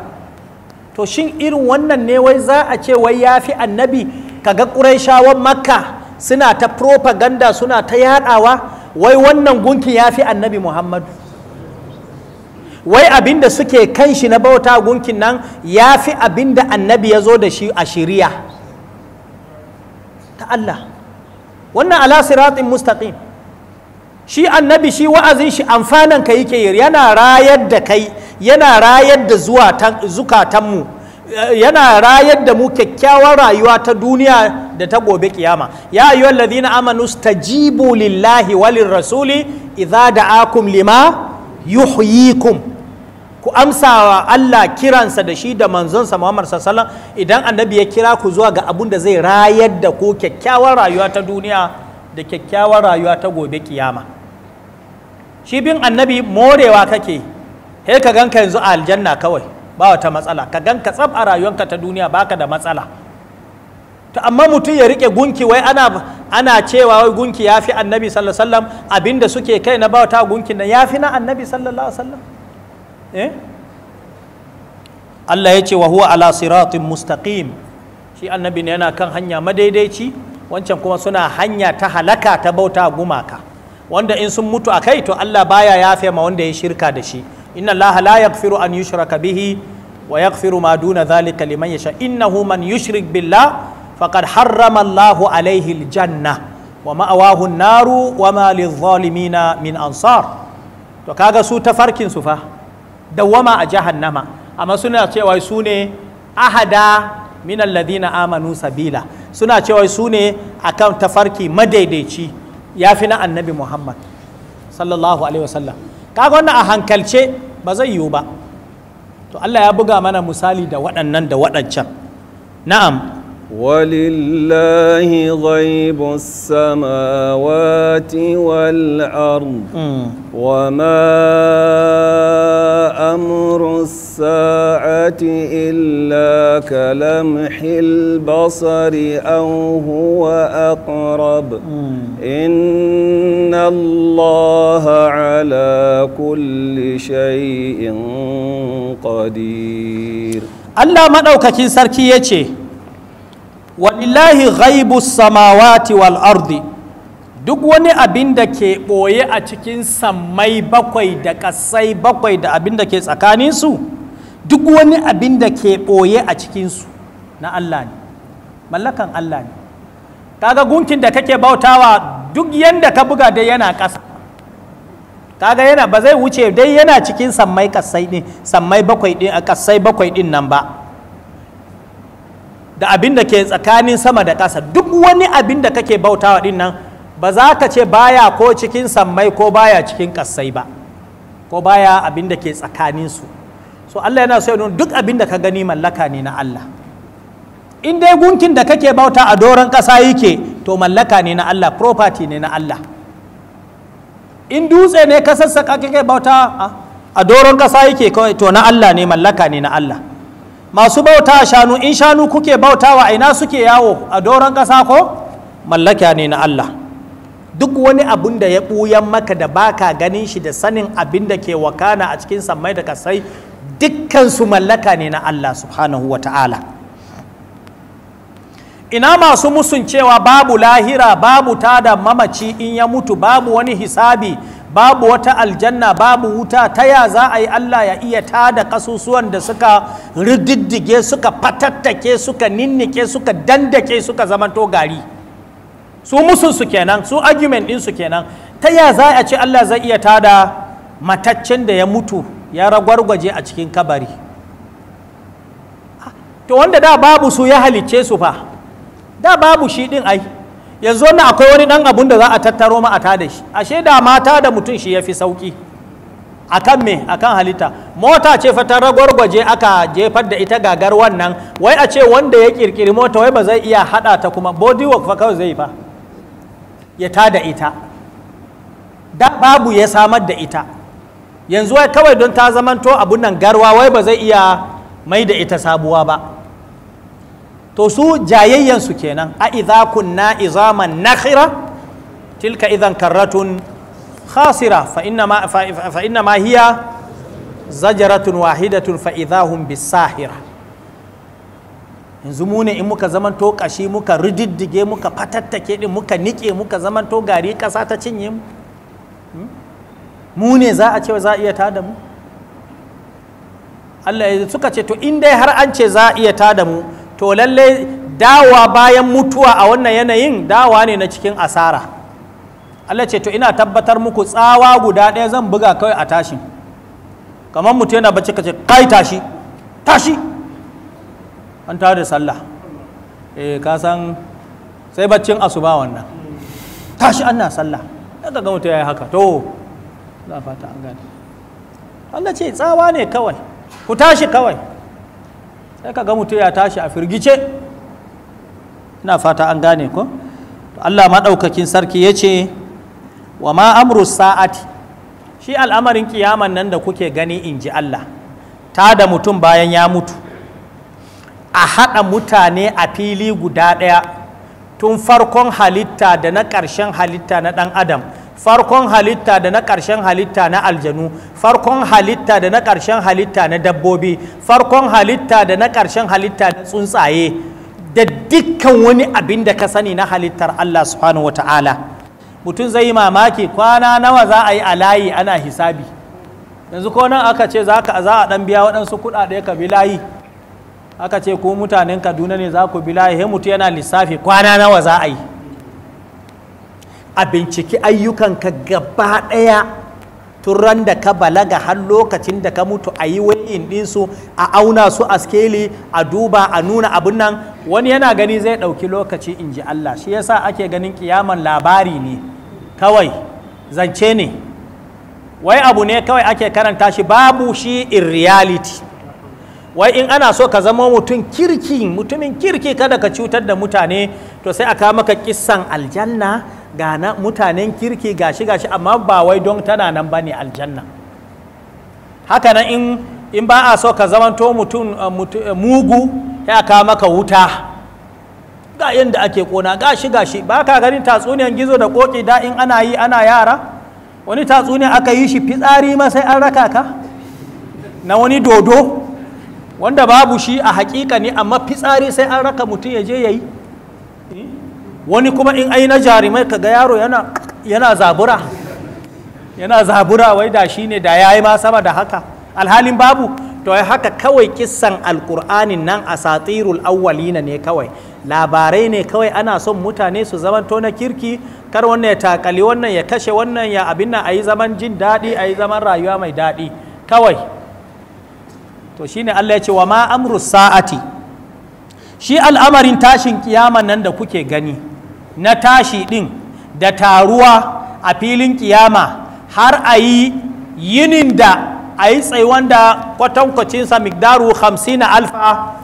to shin irin wannan ne wai za a ce wai ya fi annabi kaga ƙuraishawan makka suna ta propaganda suna ta yaɗawa wai wannan gunki ya fi annabi muhammadu wai abin da suke kan shi na bauta gunkin nan ya fi abin da annabi ya zo da shi a shiriya ta Allah wannan ala siratin mustaqim shi annabi shi wa'azin shi amfanan ka yake yana rayar da kai yana rayar da zukatanmu yana rayar da mu kyakkyawar rayuwa ta duniya da ta gobe kiyama ya ayyuhal na amanu stajibu lillahi walin rasuli da akum lima yuhyikum ku amsa wa Allah kiransa da shi da manzonsa Muhammad sallallahu idan annabi ya kira ku zuwa ga abun da zai rayar da ku kyakkyawar rayuwa ta duniya da kyakkyawar rayuwa ta gobe kiyama shi bin annabi morewa kake he ka ganka yanzu a aljanna kawai ba wata matsala ka ganka tsab a rayuwanka ta duniya baka da matsala to amma mutum ya rike gunki wai ana cewa wai gunki yafi annabi sallallahu alaihi wasallam abinda suke kai na bauta gunkin nan yafi na annabi sallallahu alaihi eh Allah ya ce wa huwa ala siratin mustaqim shi annabi ne yana kan hanya madaidaici wancan kuma suna hanya ta halaka ta bauta gumaka wanda in sun mutu a kai to Allah baya yafe ma wanda ya shirka da shi inna Allah la yaghfiru an yushraka bihi wa yaghfiru ma duna dhalika liman yasha innahu man yushrik billah faqad harrama Allahu alaihi aljanna wa ma'awahu an-naru wa ma lidh min ansar to kaga su tafarkin su fa dawama a jahannama amma suna cewa su ne ahada min alladhina amanu sabila suna cewa su ne akan tafarki madaidaici ya fi na annabi muhammad sallallahu alaihi wasallam kaga wannan a hankalce ba zai yiwu ba to allah ya buga mana misali da waɗannan da waɗancan na'am ولله غيب السماوات والأرض وما أمر الساعة إلا كلمح البصر أو هو أقرب إن الله على كل شيء قدير الله ما أوكاكين سركي يتشي walillahi ghaibu samawati wal ardi duk wani abin da ke ɓoye a cikin sammai bakwai da kasai bakwai da abin da ke tsakaninsu duk wani abin da ke ɓoye a cikinsu na Allah ne mallakan Allah ne kaga gunkin da kake bautawa duk yanda ka buga dai yana ƙasa kaga yana ba zai wuce dai yana cikin sammai kasai din sammai bakwai din a kasai bakwai din nan ba da abin da ke tsakanin sama da ƙasa duk wani abin da kake bautawa din nan ba za ka ce baya ko cikin sammai ko baya cikin ƙasai ba ko baya abin da ke tsakaninsu so Allah yana so duk abin da ka gani mallaka ne na Allah in dai gunkin da kake bauta a doron ƙasa yake to mallaka ne na Allah property ne na Allah in dutse ne ka sassaka kake bauta a doron ƙasa yake to na Allah ne mallaka ne na Allah masu bauta shanu in shanu kuke bauta a ina suke yawo a doron ƙasa ko mallaka ne na Allah duk wani abun da ya ɓuyan maka da baka ganin shi da sanin abin da ke wakana a cikin samai da kasai dukkansu mallaka ne na Allah subhanahu wa ta'ala ina masu musun cewa babu lahira babu tada mamaci in ya mutu babu wani hisabi babu wata aljanna babu wuta ta ya za a yi Allah ya iya tada kasusuwan da suka rididdige suka fatattake suka ninnike suka dandake suka zamanto gari su musun su kenan su argument din su kenan ta ya za a ce Allah zai iya tada mataccen da ya mutu ya ragwargwaje a cikin kabari to wanda da babu su ya halicce su fa da babu shi din ai yanzu wannan akwai wani dan abun da za a tattaro ma a tada shi ashe da mata da mutum shi yafi sauki akan me akan halitta mota ce fa ta ragwargwaje aka jefar da ita gagar wannan wai a ce wanda ya kirkiri mota wai ba zai iya hada ta kuma body work fa kawai zai fa ya tada ita da babu ya samar da ita yanzu wai kawai don ta zamanto abun nan garwa wai ba zai iya mai da ita sabuwa ba to su jayayyansu kenan a idza kunna izaman nakhira tilka idan karratun khasira fa inna ma fa inna ma hiya zajaratun wahidatun fa idahum bisahira yanzu mu ne in muka zamanto kashi muka rididdige muka fatattake din muka nike muka zamanto gari kasa ta cinye mu hmm? mu ne za a ce za a iya tada mu Allah ya suka ce to in dai har an ce za a iya tada mu to lalle dawa bayan mutuwa a wannan yanayin dawa ne na cikin asara Allah ce to ina tabbatar muku tsawa guda ɗaya zan buga kawai a tashi kamar mutu yana bacci ka ce kai tashi tashi an tare da sallah eh ka san sai baccin asuba wannan tashi ana sallah daga ga mutu ya yi haka to za fata an gane Allah ce tsawa ne kawai ku tashi kawai sai ka ga mutum ya tashi a firgice ina fata an gane ko Allah maɗaukakin sarki ya ce wa ma amru sa'ati shi al'amarin kiyaman nan da kuke gani in ji Allah ta da mutum bayan ya mutu a haɗa mutane a fili guda ɗaya tun farkon halitta da na ƙarshen halitta na ɗan adam farkon halitta da na ƙarshen halitta na aljanu farkon halitta da na ƙarshen halitta na dabbobi farkon halitta da na ƙarshen halitta na tsuntsaye da dukkan wani abin da ka sani na halittar Allah subhanahu wa ta'ala mutum zai mamaki kwana nawa za a yi a layi ana hisabi yanzu ko nan aka ce za a ɗan biya waɗansu kuɗaɗe ka bi layi aka ce ko mutanen kaduna ne za ku bi layi he mutu yana lissafi kwana nawa za a yi a binciki ayyukanka gaba ɗaya turan da ka balaga har lokacin da ka mutu a yi wayin ɗinsu a auna su a skeli a duba a nuna abin nan wani yana gani zai ɗauki lokaci in ji Allah shi yasa ake ganin kiyaman labari ne kawai zance ne wai abu ne kawai ake karanta shi babu shi in reality wai in ana so ka zama mutum kirki mutumin kirki kada ka cutar da mutane to sai kama maka kissan aljanna gana mutanen kirki gashi gashi amma ba wai don tana nan ba ne aljanna haka nan in, in ba a so ka zamanto mutum eh, eh, mugu ya ka maka wuta ga yadda ake kona gashi gashi ba ka ganin tatsuniyan gizo da koki da in ana yi ana yara wani tatsuniya aka yi shi fitsari ma sai an raka ka na wani dodo wanda babu shi a hakika ne amma fitsari sai an raka mutum ya je ya yi wani kuma in aina na jarumai kaga yaro yana zabura yana zabura wai da shi ne da ya yi ma sama da haka alhalin babu to ya haka kawai kissan alkur'ani nan a satirul awwalina ne kawai labarai ne kawai ana son mutane su zaman to na kirki kar wannan ya takali wannan ya kashe wannan ya abin nan a yi zaman jin daɗi a yi zaman rayuwa mai daɗi kawai to shine Allah ya ce wa ma amru sa'ati shi al'amarin tashin kiyaman nan da kuke gani na tashi ɗin da taruwa a filin kiyama har a yi yinin da a yi tsaiwan da kwatankwacinsa migdaru hamsin alfa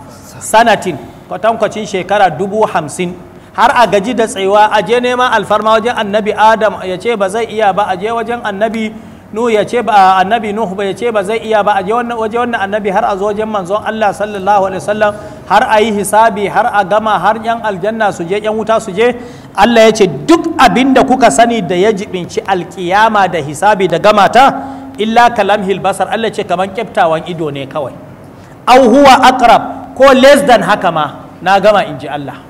sanatin kwatankwacin shekara dubu hamsin har a gaji da tsaiwa a je neman alfarma wajen annabi adam ya ce ba zai iya ba a je wajen annabi nu ya ce ba annabi nu ba ya ce ba zai iya ba a je wannan waje wannan annabi har a zo wajen manzon Allah sallallahu alaihi wasallam har a yi hisabi har a gama har yan aljanna su je yan wuta su je Allah ya ce duk abin da kuka sani da ya jibinci alkiyama da hisabi da gamata illa kalam hilbasar Allah ce kamar kyaftawan ido ne kawai au huwa akrab ko less than haka ma na gama in ji Allah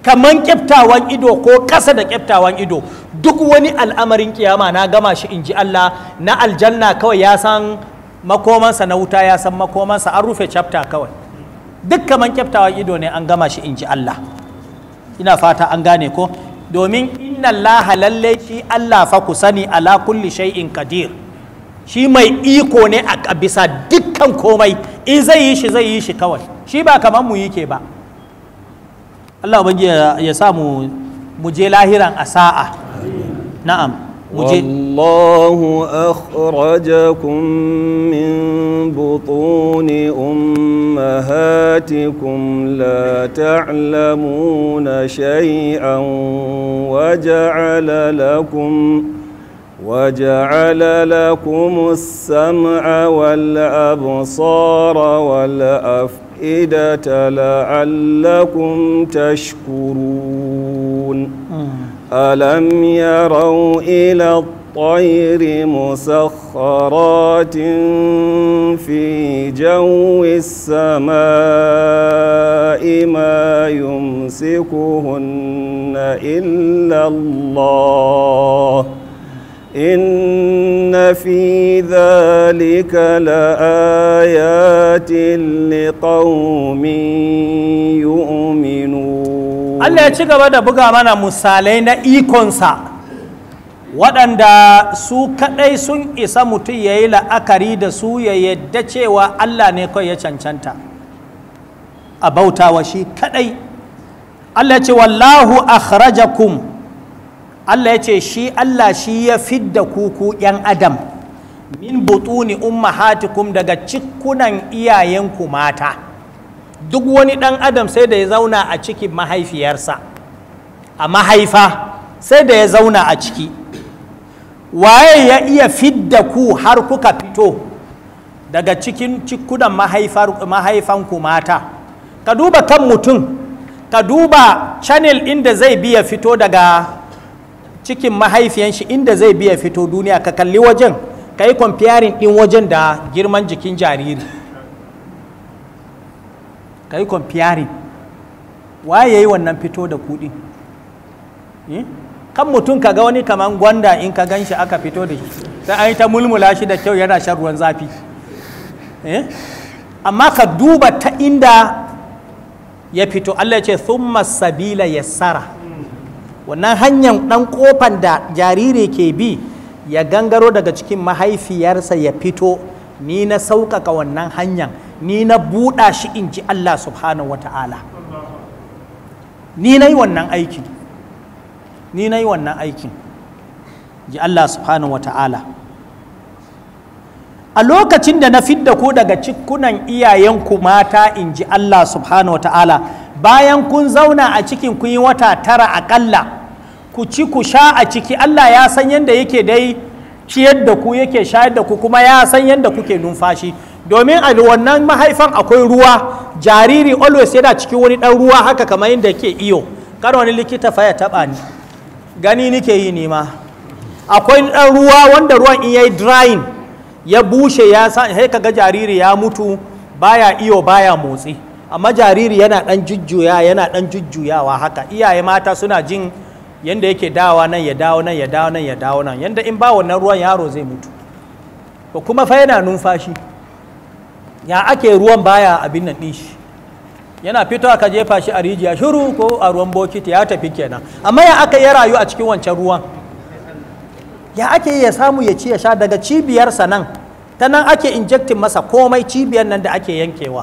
kaman kyaftawan ido ko ƙasa da kyaftawan ido duk wani al'amarin kiyama na gama shi in ji Allah na aljanna kawai ya san makomansa na wuta ya san makomansa an rufe chapter kawai duk kaman kyaftawan ido ne an gama shi in ji Allah ina fata an gane ko domin inna laha lalle shi Allah fa ku sani ala kulli shay'in qadir shi mai iko ne a bisa dukkan komai in zai yi shi zai yi shi kawai shi ba kamar mu yake ba Allah ubangiji ya sa mu je lahiran asa'a na'am والله أخرجكم من بطون أمهاتكم لا تعلمون شيئا وجعل لكم وجعل لكم السمع والأبصار والأفئدة لعلكم تشكرون ألم يروا إلى الطير مسخرات في جو السماء ما يمسكهن إلا الله إن في ذلك لآيات لقوم يؤمنون Allah ya ci gaba da buga mana misalai na ikonsa waɗanda su kaɗai sun isa mutum ya yi la'akari da su ya yadda cewa Allah ne kawai ya cancanta a bautawa shi kaɗai Allah ya ce wallahu akhrajakum Allah ya ce shi Allah shi ya fidda kuku 'yan adam min butuni ummahatikum daga cikkunan iyayenku mata duk wani ɗan adam sai da ya zauna a cikin mahaifiyarsa a mahaifa sai da ya zauna a ciki waye ya iya fidda ku har kuka fito daga cikin cikudan mahaifanku mata ka duba kan mutum ka duba channel inda zai biya fito daga cikin mahaifiyan inda zai biya fito duniya ka kalli wajen ka yi kwamfiyarin ɗin wajen da girman jikin jariri ka yi comparing waye yi wannan fito da kudi hmm? kan mutum ka ga wani kaman gwanda in ka gan shi aka fito da shi sai an yi ta mulmula shi da kyau yana shan ruwan zafi eh? amma ka duba ta inda ya fito Allah ya ce thumma sabila sara wannan hanyar dan kofan da jariri ke bi ya gangaro daga cikin mahaifiyarsa ya fito ni na sauƙaƙa wannan hanyar ni na buɗa shi in ji Allah subhanahu wa ta'ala ni na yi wannan aikin ni na yi wannan aikin ji Allah subhanahu wa ta'ala a lokacin da na fidda ku daga cikunan iyayenku mata in ji Allah subhanahu wa ta'ala bayan kun zauna a cikin kun yi wata tara aƙalla ku ci ku sha a ciki Allah ya san yadda yake dai ciyar da ku yake shayar da ku kuma ya san yadda kuke numfashi domin a wannan mahaifan akwai ruwa jariri always yana cikin wani ɗan ruwa haka kamar yadda ke iyo kar wani likita fa ya taɓa ni gani nike yi nema akwai ɗan ruwa wanda ruwan in yayi drying ya bushe ya sa sai kaga jariri ya mutu baya iyo baya motsi amma jariri yana ɗan jujjuya yana ɗan jujjuyawa haka iyaye mata suna jin yanda yake dawa nan ya dawo nan ya dawo nan ya dawo nan yanda in ba wannan ruwan yaro zai mutu ko kuma fa yana numfashi ya ake ruwan baya abin nan shi yana fitowa ka jefa shi a rijiya shiru ko a ruwan bokiti ya tafi kenan amma ya aka ya rayu a cikin wancan ruwan ya ake ya samu ya ci ya sha daga cibiyarsa nan ta nan ake injectin masa komai cibiyar nan da ake yankewa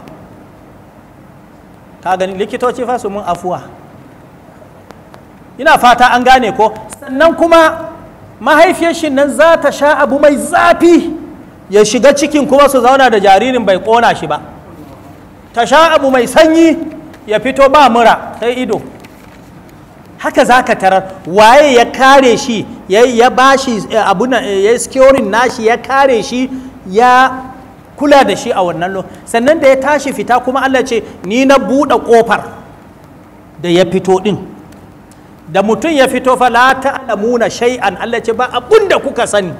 ka gani likitoci fa su mun afuwa ina fata an gane ko sannan kuma mahaifiyar shi nan za ta sha abu mai zafi ya shiga cikin kuma su zauna da jaririn bai kona shi ba ta sha abu mai sanyi ya fito ba mura sai ido haka za ka tarar waye ya kare shi ya ba shi eh, eh, ya securing nashi ya kare shi ya kula da shi a wannan lo sannan da ya tashi fita kuma Allah ce ni na buɗe ƙofar da ya fito ɗin da mutum ya fito fa la ta'lamuna shay'an Allah ce ba abun da kuka sani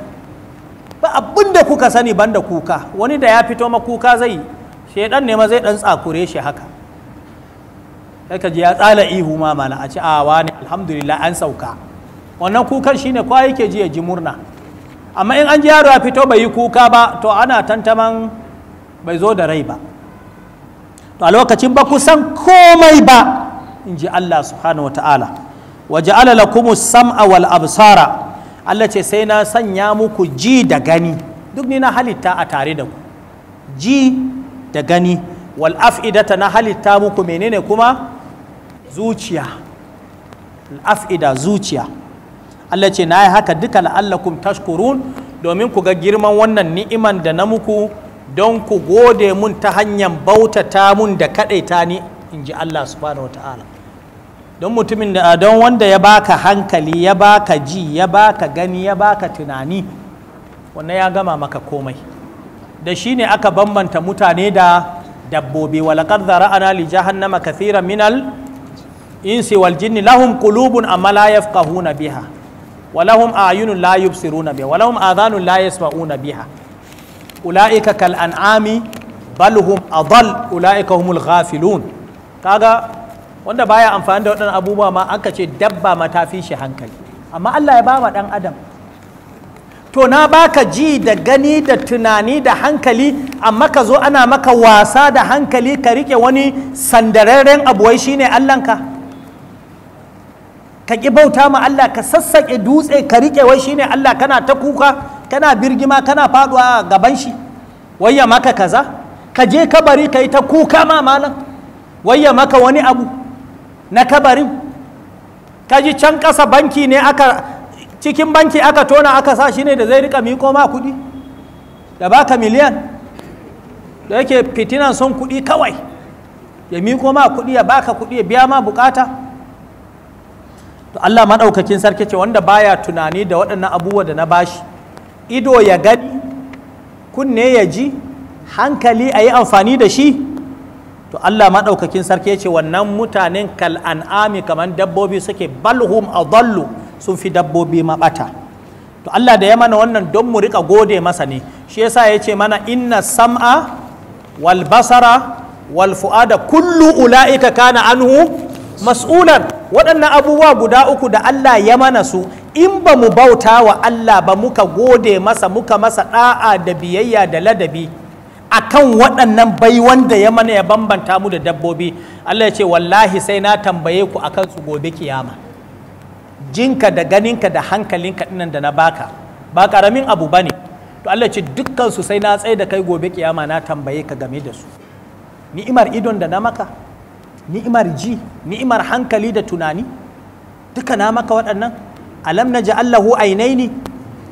ba abin da kuka sani banda kuka wani da ya fito makuka kuka zai shaidan ne ma zai dan tsakure shi haka sai ka ji ya tsala ihu ma mana a ci awa ne alhamdulillah an sauka wannan kukan shine kwa yake ji ya ji murna amma in an ji yaro ya fito bai yi kuka ba to ana tantaman bai zo da rai ba to a lokacin ba kusan komai ba in ji Allah subhanahu wa ta'ala wa ja'ala lakumus sam'a wal absara Allah ce sai na sanya muku ji da gani duk ni na halitta a tare da ku ji da gani wal af'idata na halitta muku menene kuma zuciya af'ida zuciya Allah ce na yi haka duka la'allakum tashkurun domin ku ga girman wannan ni'iman da na muku don ku gode mun ta hanyar bautata mun da kaɗaita ni in ji Allah subhanahu wa ta'ala don mutumin da don wanda ya baka hankali ya baka ji ya baka gani ya baka tunani wannan ya gama maka komai da shi ne aka bambanta mutane da dabbobi walakar zara'ana li jahannama kathira, minal insi wal jinni lahum kulubun, amma la yafqahuna biha wa lahum ayunun la yubsiruna biha Walahum lahum la yasma'una biha ulaika kal an'ami bal hum adall ulaika humul ghafilun kaga wanda baya amfani da waɗannan abubuwa ma aka ce dabba ma ta fi shi hankali amma Allah ya ba wa ɗan adam to na baka ji da gani da tunani da hankali amma ka zo ana maka wasa da hankali ka rike wani sandararren abuwai shine allanka ka ƙi bauta ma Allah ka sassaƙe dutse ka rike wai shine Allah kana ta kuka kana birgima kana faduwa gaban shi wayya maka kaza ka je kabari ka yi ta kuka ma malam wayya maka wani abu na kabarin kaji can kasa banki ne aka cikin banki aka tona aka sa shi ne da zai rika miko ma kuɗi da baka miliyan da yake fitinan son kuɗi kawai ya miko ma kuɗi ya baka kuɗi ya biya ma bukata to Allah madaukakin sarki ce wanda baya tunani da waɗannan abubuwa da na bashi ido ya gani kunne ya ji hankali a yi amfani da shi to Allah maɗaukakin sarki ce wannan mutanen kal'an'ami kamar dabbobi suke balhum adallu sun fi dabbobi maɓata to Allah da ya mana wannan don mu rika gode masa ne shi yasa ya ce mana inna sam'a wal basara wal fu'ada kullu ula'ika kana anhu mas'ulan waɗannan abubuwa guda uku da Allah ya mana su in ba mu bauta wa Allah ba muka gode masa muka masa ɗa'a da biyayya da ladabi akan waɗannan bai wanda ya mana ya bambanta mu da dabbobi Allah ya ce wallahi sai na tambaye ku akan su gobe kiyama jinka da ganinka da hankalinka ɗinan da na baka ba karamin abu bane to Allah ya ce dukkan su sai na tsaye da kai gobe kiyama na tambaye ka game da su ni'imar idon da na maka ni'imar ji ni'imar hankali da tunani duka na maka waɗannan alam naj'al lahu ainaini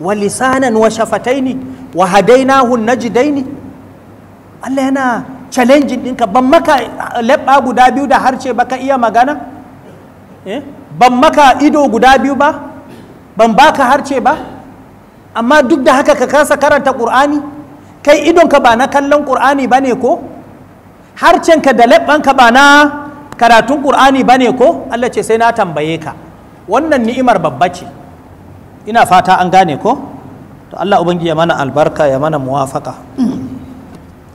wa lisanan wa shafataini wa hadainahu najdaini Allah yana challenging ɗinka ban maka uh, leɓɓa guda biyu da harce ba ka iya magana eh? ban maka ido guda biyu ba ban baka harce ba amma duk da haka ka kasa karanta ƙur'ani kai idonka ba na kallon ƙur'ani ba ne ko harcenka da leɓɓanka ba na karatun ƙur'ani ba ne ko Allah ce sai na tambaye ka wannan ni'imar babba ce ina fata an gane ko to Allah ubangiji ya mana albarka ya mana muwafaka mm.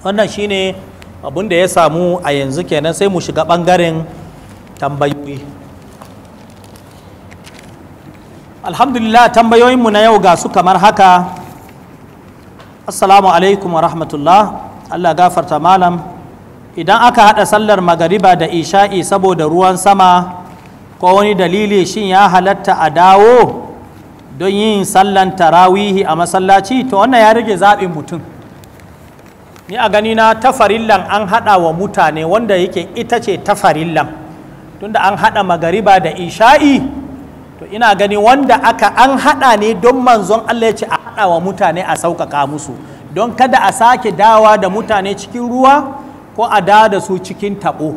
wannan shine abin da ya samu a yanzu kenan sai mu shiga ɓangaren tambayoyi alhamdulillah tambayoyinmu na yau ga su kamar haka assalamu alaikum wa rahmatullah allah gafarta malam idan aka haɗa sallar magariba da isha'i saboda ruwan sama ko wani dalili shin ya halatta a dawo don yin sallan tarawihi a masallaci to wannan ya rage zaɓin mutum ni a gani na tafarillan an haɗa wa mutane wanda yake ita ce tafarillan tunda an haɗa magariba da isha'i to ina gani wanda aka an haɗa ne don manzon Allah ya ce a haɗa wa mutane a sauƙaƙa musu don kada a sake dawa da mutane cikin ruwa ko a da da su cikin taɓo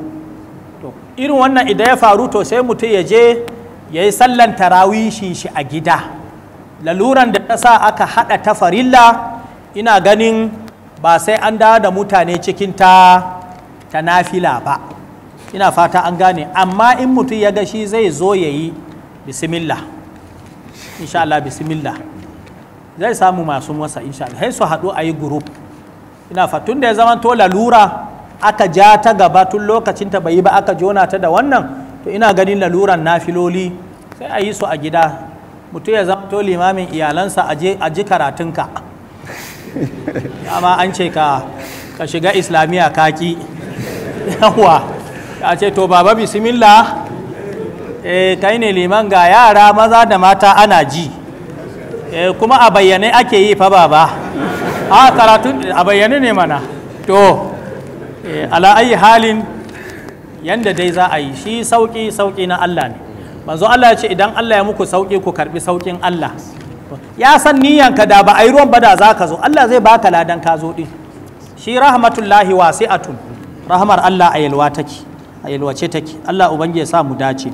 to irin wannan idan ya faru to sai mutum ya je ya yi sallan tarawishi shi a gida laluran da ta sa aka haɗa tafarilla ina ganin ba sai an dawo da mutane cikin ta ta nafila ba ina fata an gane amma in mutum ya gashi zai zo ya yi bismillah insha Allah bismillah zai samu masu masa insha Allah sai su haɗu a yi group ina fatun da ya zama to lalura aka ja ta gaba tun lokacin ta bai ba aka jona ta da wannan to ina ganin laluran nafiloli sai a yi su a gida mutum ya zama to limamin iyalansa a ji karatunka amma an ce ka ka shiga islamiyya kaki yawa ya ce to baba bismillah eh kai ne liman ga yara maza da mata ana ji eh kuma a bayyane ake yi fa baba a karatu a bayyane ne mana to eh, ala ayi halin yanda dai za a yi shi sauki sauki na Allah ne manzo Allah ya ce idan Allah ya muku sauki ku karbi saukin Allah ya san niyanka da ba a yi ruwan ba da za ka zo Allah zai baka ladan ka zo din shi rahmatullahi wasi'atun rahmar Allah a yalwa take a yalwace take Allah ubangi ya sa mu dace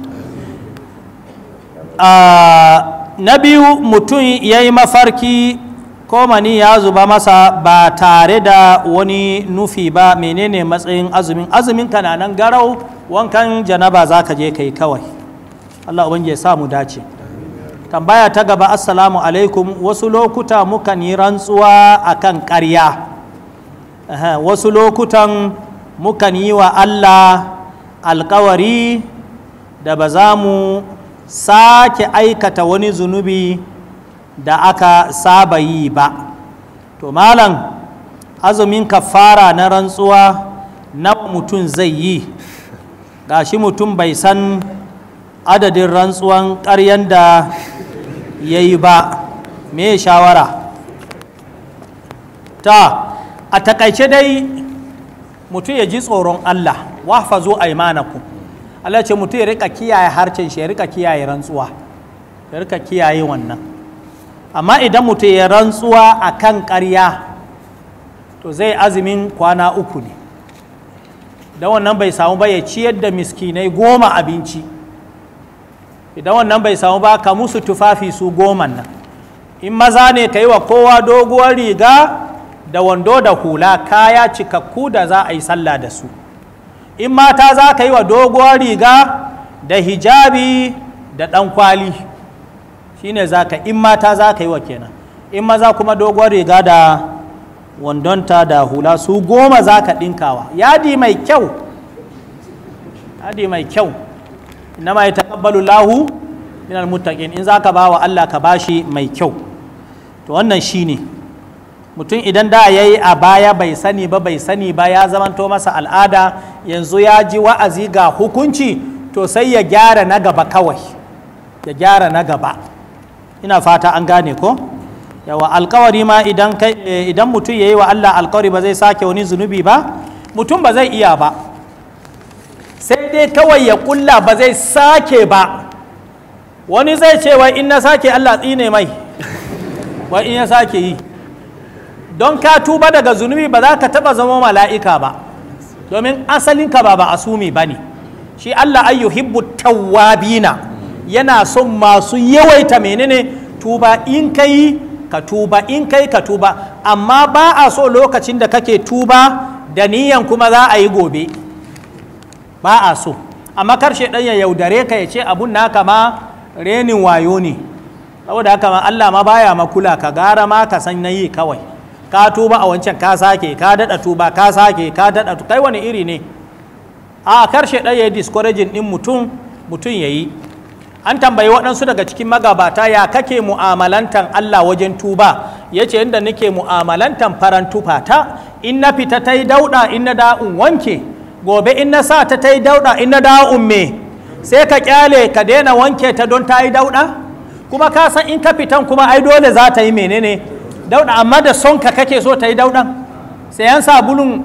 na biyu mutum ya yi mafarki ko mani ya zuba masa ba tare da wani nufi ba menene matsayin azumin azumin ka na nan garau wankan janaba za ka je ka yi kawai Allah ubangi ya sa mu dace tambaya ta gaba assalamu alaikum wasu lokuta mukan yi rantsuwa a kan ƙarya wasu lokutan mukan yi wa Allah alkawari da ba za mu sake aikata wani zunubi da aka saba yi ba to malam azumin kafara na rantsuwa na mutum zai yi gashi mutum bai san adadin rantsuwan ƙaryan da ya yi ba me shawara ta a takaice dai mutu ya ji tsoron Allah wafa zo a aimanaku Allah ce mutu ya rika kiyaye harcin shi ya rika kiyaye rantsuwa ya rika kiyaye wannan amma idan mutu ya rantsuwa a kan karya to zai azumin kwana uku ne da wannan bai samu ba ya ciyar da miskinai goma abinci idan wannan bai samu ba ka musu tufafi su goman nan in maza ne ka yi wa kowa doguwar riga da wando da hula kaya cikakku da za a yi sallah da su in mata za ka yi wa doguwar riga da hijabi da ɗan kwali shine za ka in mata za ka yi wa kenan in maza kuma doguwar riga da wandonta da hula su goma za ka ɗinkawa yadi mai yadi mai kyau na mai taqabbalu lahu min in zaka bawa Allah ka bashi mai kyau to wannan ne mutum idan da ya yi a baya bai sani ba bai sani ba ya zamanto masa al'ada yanzu ya ji wa'azi ga hukunci to sai ya gyara na gaba kawai ya gyara na gaba ina fata an gane ko yawa alkawari ma idan eh, mutum ya yi wa Allah alkawari ba zai sake wani zunubi ba mutum ba zai iya ba sai dai kawai ya kulla ba zai sake ba wani zai ce wai in na sake Allah tsine mai wai in ya sake yi don ka tuba daga zunubi ba za ka taba zama mala'ika ba domin asalinka ba ba a sumi ba ne shi Allah ayyu hibbu tawabina yana son masu yawaita menene tuba in ka yi ka tuba in kai ka tuba amma ba a so lokacin da kake tuba da niyan kuma za a yi gobe ba a so amma karshe ɗan ya yaudare ka ya ce abun naka ma renin wayo ne saboda haka ma Allah ma baya makula ka gara ma ka san nayi kawai ka tuba a wancan ka sake ka dada tuba ka sake ka daɗa kai wani iri ne a karshe ɗan ya yi discouraging ɗin mutum mutum ya an tambayi waɗansu daga cikin magabata ya kake mu'amalantan Allah wajen tuba ya ce inda nake mu'amalantan farantufa ta in na fita ta yi dauɗa in na da'un wanke gobe in na sa ta ta yi dauɗa in na dawo umme sai ka kyale ka daina wanke ta don ta yi dauɗa kuma ka san in ka fitan kuma ai dole za ta yi menene dauɗa amma da son ka kake so ta yi dauɗan sai yan sabulun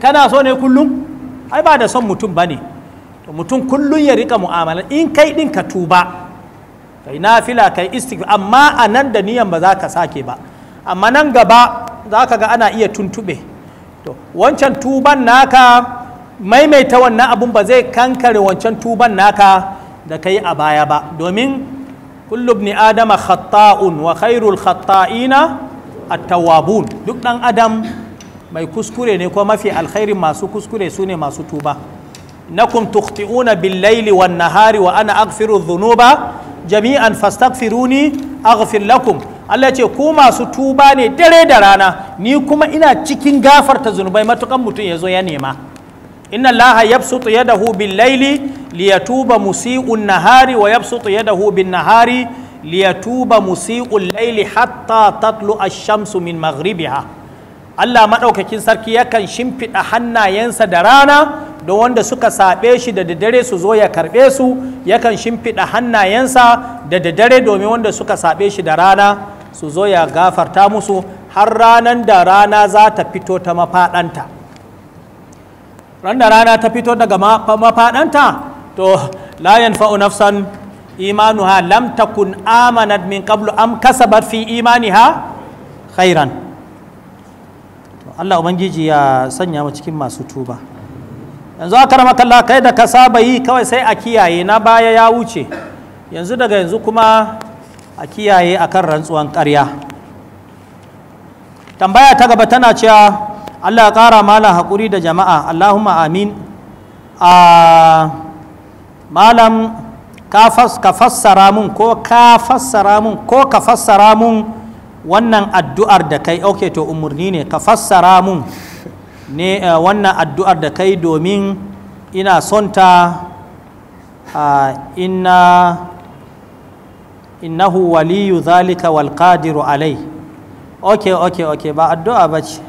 kana so ne kullum ai ba da son mutum ba ne mutum kullum ya rika mu'amala in kai din ka tuba kai nafila kai istighfar amma a nan da niyan ba za ka sake ba amma nan gaba za ka ga ana iya tuntuɓe to wancan tuban naka maimaita wannan abun ba zai kankare wancan tuban naka da kai a baya ba domin kullum ni adama khatta'un wa khairul khatta'ina at-tawwabun duk dan adam mai kuskure ne ko mafi alkhairin masu kuskure su ne masu tuba nakum tukhti'una bil laili wan nahari wa ana aghfiru dhunuba jami'an fastaghfiruni aghfir lakum Allah ce ku masu tuba ne dare da rana ni kuma ina cikin gafarta zunubai matukan mutum ya zo ya nema inna allaha yabsutu hubin bil laili liyatuba musi'un nahari wa yabsutu yadda hubin nahari liyatuba musi'un laili hatta tatlu ash-shamsu min ha Allah madaukakin sarki yakan shimfiɗa hannayensa da rana don wanda suka saɓe shi da daddare su zo ya karɓe su yakan shimfiɗa hannayensa da daddare domin wanda suka saɓe shi da rana su zo ya gafarta musu har ranan da rana za ta fito ta mafaɗanta randa rana ta fito daga mafaɗanta to layan fa'u nafsan ha lam takun amanat min qablu am kasabat fi ha khairan Allah ubangiji ya sanya mu cikin masu tuba yanzu aka rama kalla kai da ka saba yi kawai sai a kiyaye na baya ya wuce yanzu daga yanzu kuma a kiyaye akan rantsuwan ƙarya tambaya ta gaba tana cewa Allah ƙara mala haƙuri da jama'a Allahumma amin a malam ka fassara mun ko ka fassara mun ko ka fassara mun wannan addu'ar da kai ok to umarni ne ka fassara mun ne eh, wannan addu'ar da kai domin ina sonta ta inna waliyu zalika wal alai ok ok ok ba addu'a ba ce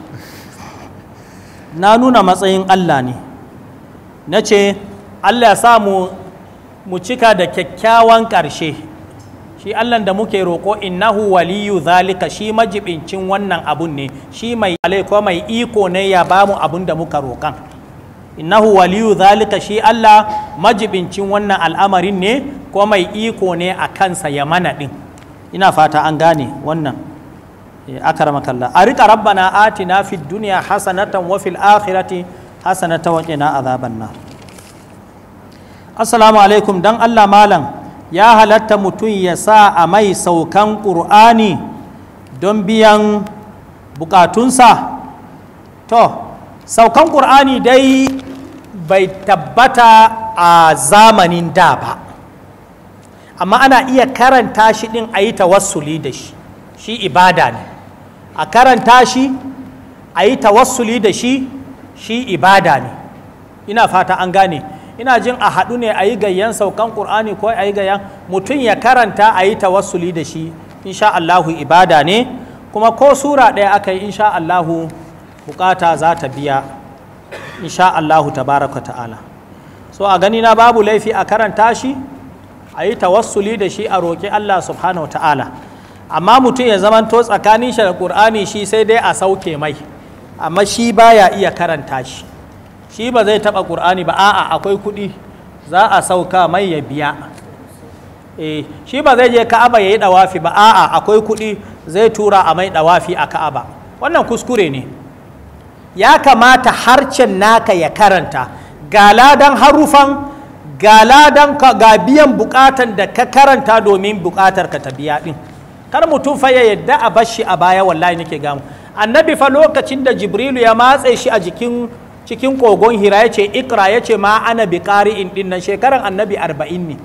na nuna matsayin Allah ne na ce Allah ya samu mu cika da kyakkyawan ƙarshe shi Allah da muke roƙo innahu waliyu zalika shi majibincin wannan abun ne shi mai ko mai iko ne ya ba mu abun da muka roƙan innahu waliyu zalika shi Allah majibincin wannan al'amarin ne ko mai iko ne a kansa ya mana ɗin ina fata an gane wannan akaramaka Allah a riƙa rabbana atina fi duniya hasanatan wa fil akhirati hasanatan wa qina azaban assalamu alaikum dan Allah malam ya halatta mutum ya sa a mai saukan qur'ani don biyan bukatunsa to saukan ƙur'ani dai bai tabbata a zamanin da ba amma ana iya karanta shi ɗin a yi tawassuli da shi shi ibada ne a karanta shi a yi tawassuli da shi shi ibada ne ina fata an gane ina jin a haɗu ne a yi gayyan saukan ƙur'ani ko a yi gayyan mutum ya karanta a yi tawassuli da shi insha Allahu ibada ne kuma ko sura ɗaya aka yi insha Allahu bukata za ta biya insha Allahu tabaraka ta'ala so a gani na babu laifi a karanta shi a yi tawassuli da shi a roƙi Allah subhanahu ta'ala amma mutum ya zamanto tsakanin shi da ƙur'ani shi sai dai a sauke mai amma shi baya iya karanta shi shi ba zai taɓa ƙur'ani ba a'a akwai kuɗi za a sauka mai ya biya e, shi ba zai je ka'aba ya yi ɗawafi ba a'a akwai kuɗi zai tura a mai ɗawafi a ka'aba wannan kuskure ne ya kamata harcen naka ya karanta ga ladan harufan ga ladan ka ga biyan bukatan da ka karanta domin bukatar ka ta biya ɗin kar mutum fa ya yadda a bashi a baya wallahi nake gamu annabi fa lokacin da jibrilu ya matse shi a jikin cikin kogon hira ya ce ikra ya ce ma ana bi in din nan shekaran annabi arba'in ne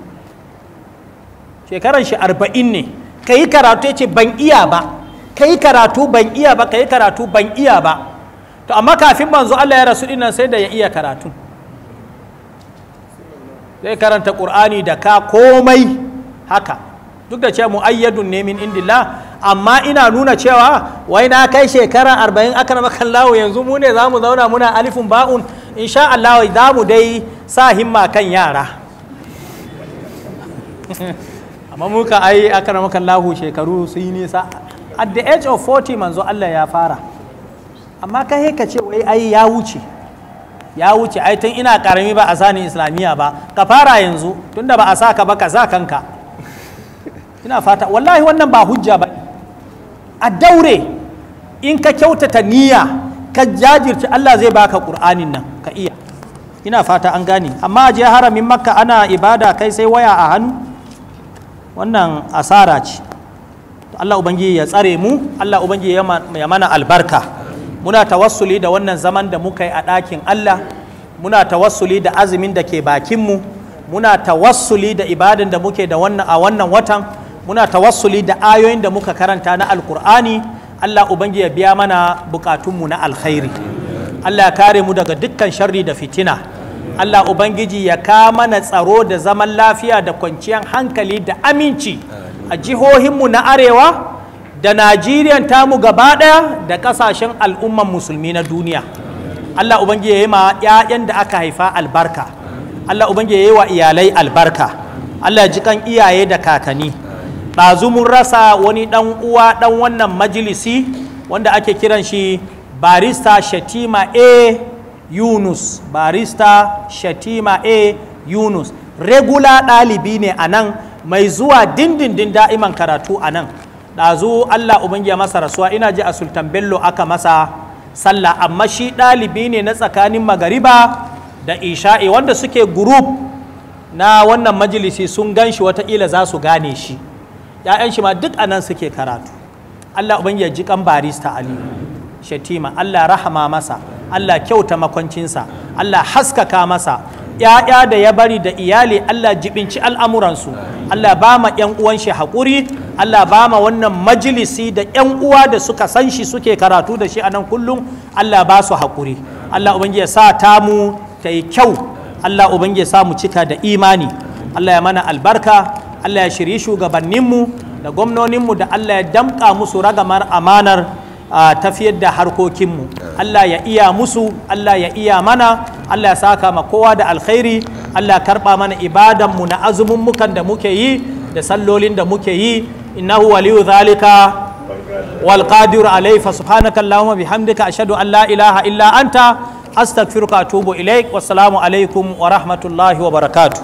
shekaran shi arba'in ne ka yi karatu ya ban iya ba ka yi karatu ban iya ba ka yi karatu ban iya ba to amma kafin manzo Allah ya rasu dinnan sai da ya iya karatu zai karanta qur'ani da ka komai haka duk da cewa mu'ayyadun ne min indillah amma ina nuna cewa wai na kai shekara arba'in aka na lawo yanzu mu ne za mu zauna muna alifin ba'un insha Allah za mu dai sa himma kan yara amma muka ai aka na lawo shekaru su yi nisa at the age of 40 manzo Allah ya fara amma ka ka ce wai ai ya wuce ya wuce ai tun ina karami ba a sani islamiyya ba ka fara yanzu tunda ba a sa ka ba ka sa kanka ina fata wallahi wannan ba hujja ba a daure in ka kyautata niyya ka jajirce Allah zai baka qur'anin nan ka iya ina fata an gane amma je haramin makka ana ibada kai sai waya a hannu wannan asara ce Allah ubangiji ya tsare mu Allah ubangiji ya mana albarka muna tawassuli da wannan zaman da muka yi a ɗakin Allah muna tawassuli da azumin da ke bakinmu muna tawassuli da ibadan da muke da wannan a wannan watan muna tawassuli da ayoyin da muka karanta na alkur'ani Allah ubangi ya biya mana bukatunmu na alkhairi Allah ya kare mu daga dukkan sharri da fitina Allah ubangiji ya ka mana tsaro da zaman lafiya da kwanciyar hankali da aminci a jihohinmu na arewa da Najeriya ta mu gaba ɗaya da ƙasashen al'umman musulmi na duniya Allah ubangiji ya yi ma 'ya'yan da aka haifa albarka Allah ubangiji ya yi wa iyalai albarka Allah ya ji kan iyaye da kakanni mun rasa wani ɗan uwa ɗan wannan majalisi wanda ake kiran shi barista shatima a yunus barista shatima a yunus regular ɗalibi ne a nan mai zuwa dindindin da'iman karatu a nan ɗazu allah ubangiya masa rasuwa ina ji a sultan bello aka masa sallah amma shi ɗalibi ne na tsakanin magariba da isha'i wanda suke group na wannan majalisi sun gan shi wataƙila za su gane shi 'ya'yan shi ma duk a nan suke karatu Allah ubangiji ya ji kan barista ali Shatima Allah rahama masa Allah kyauta makwancinsa Allah haskaka masa ‘ya'ya da ya bari da iyali Allah jibinci al'amuransu Allah ba ma ‘yan uwan shi haƙuri Allah ba ma wannan majalisi da ‘yan uwa da suka san shi suke karatu da shi a nan kullum Allah ba su haƙuri Allah ubangi ya sa mu ta yi kyau Allah ubangi sa mu cika da imani Allah ya mana albarka Allah ya shirye shugabanninmu da gwamnoninmu da Allah ya damƙa musu ragamar amanar tafiyar da harkokinmu Allah ya iya musu Allah ya iya mana Allah ya saka ma kowa da alkhairi Allah ya karɓa mana ibadanmu na azumin da muke yi da sallolin da muke yi innahu waliyu zalika والقادر عليه فسبحانك اللهم بحمدك أشهد أن لا إله إلا أنت أستغفرك وأتوب إليك والسلام wa rahmatullahi wa وبركاته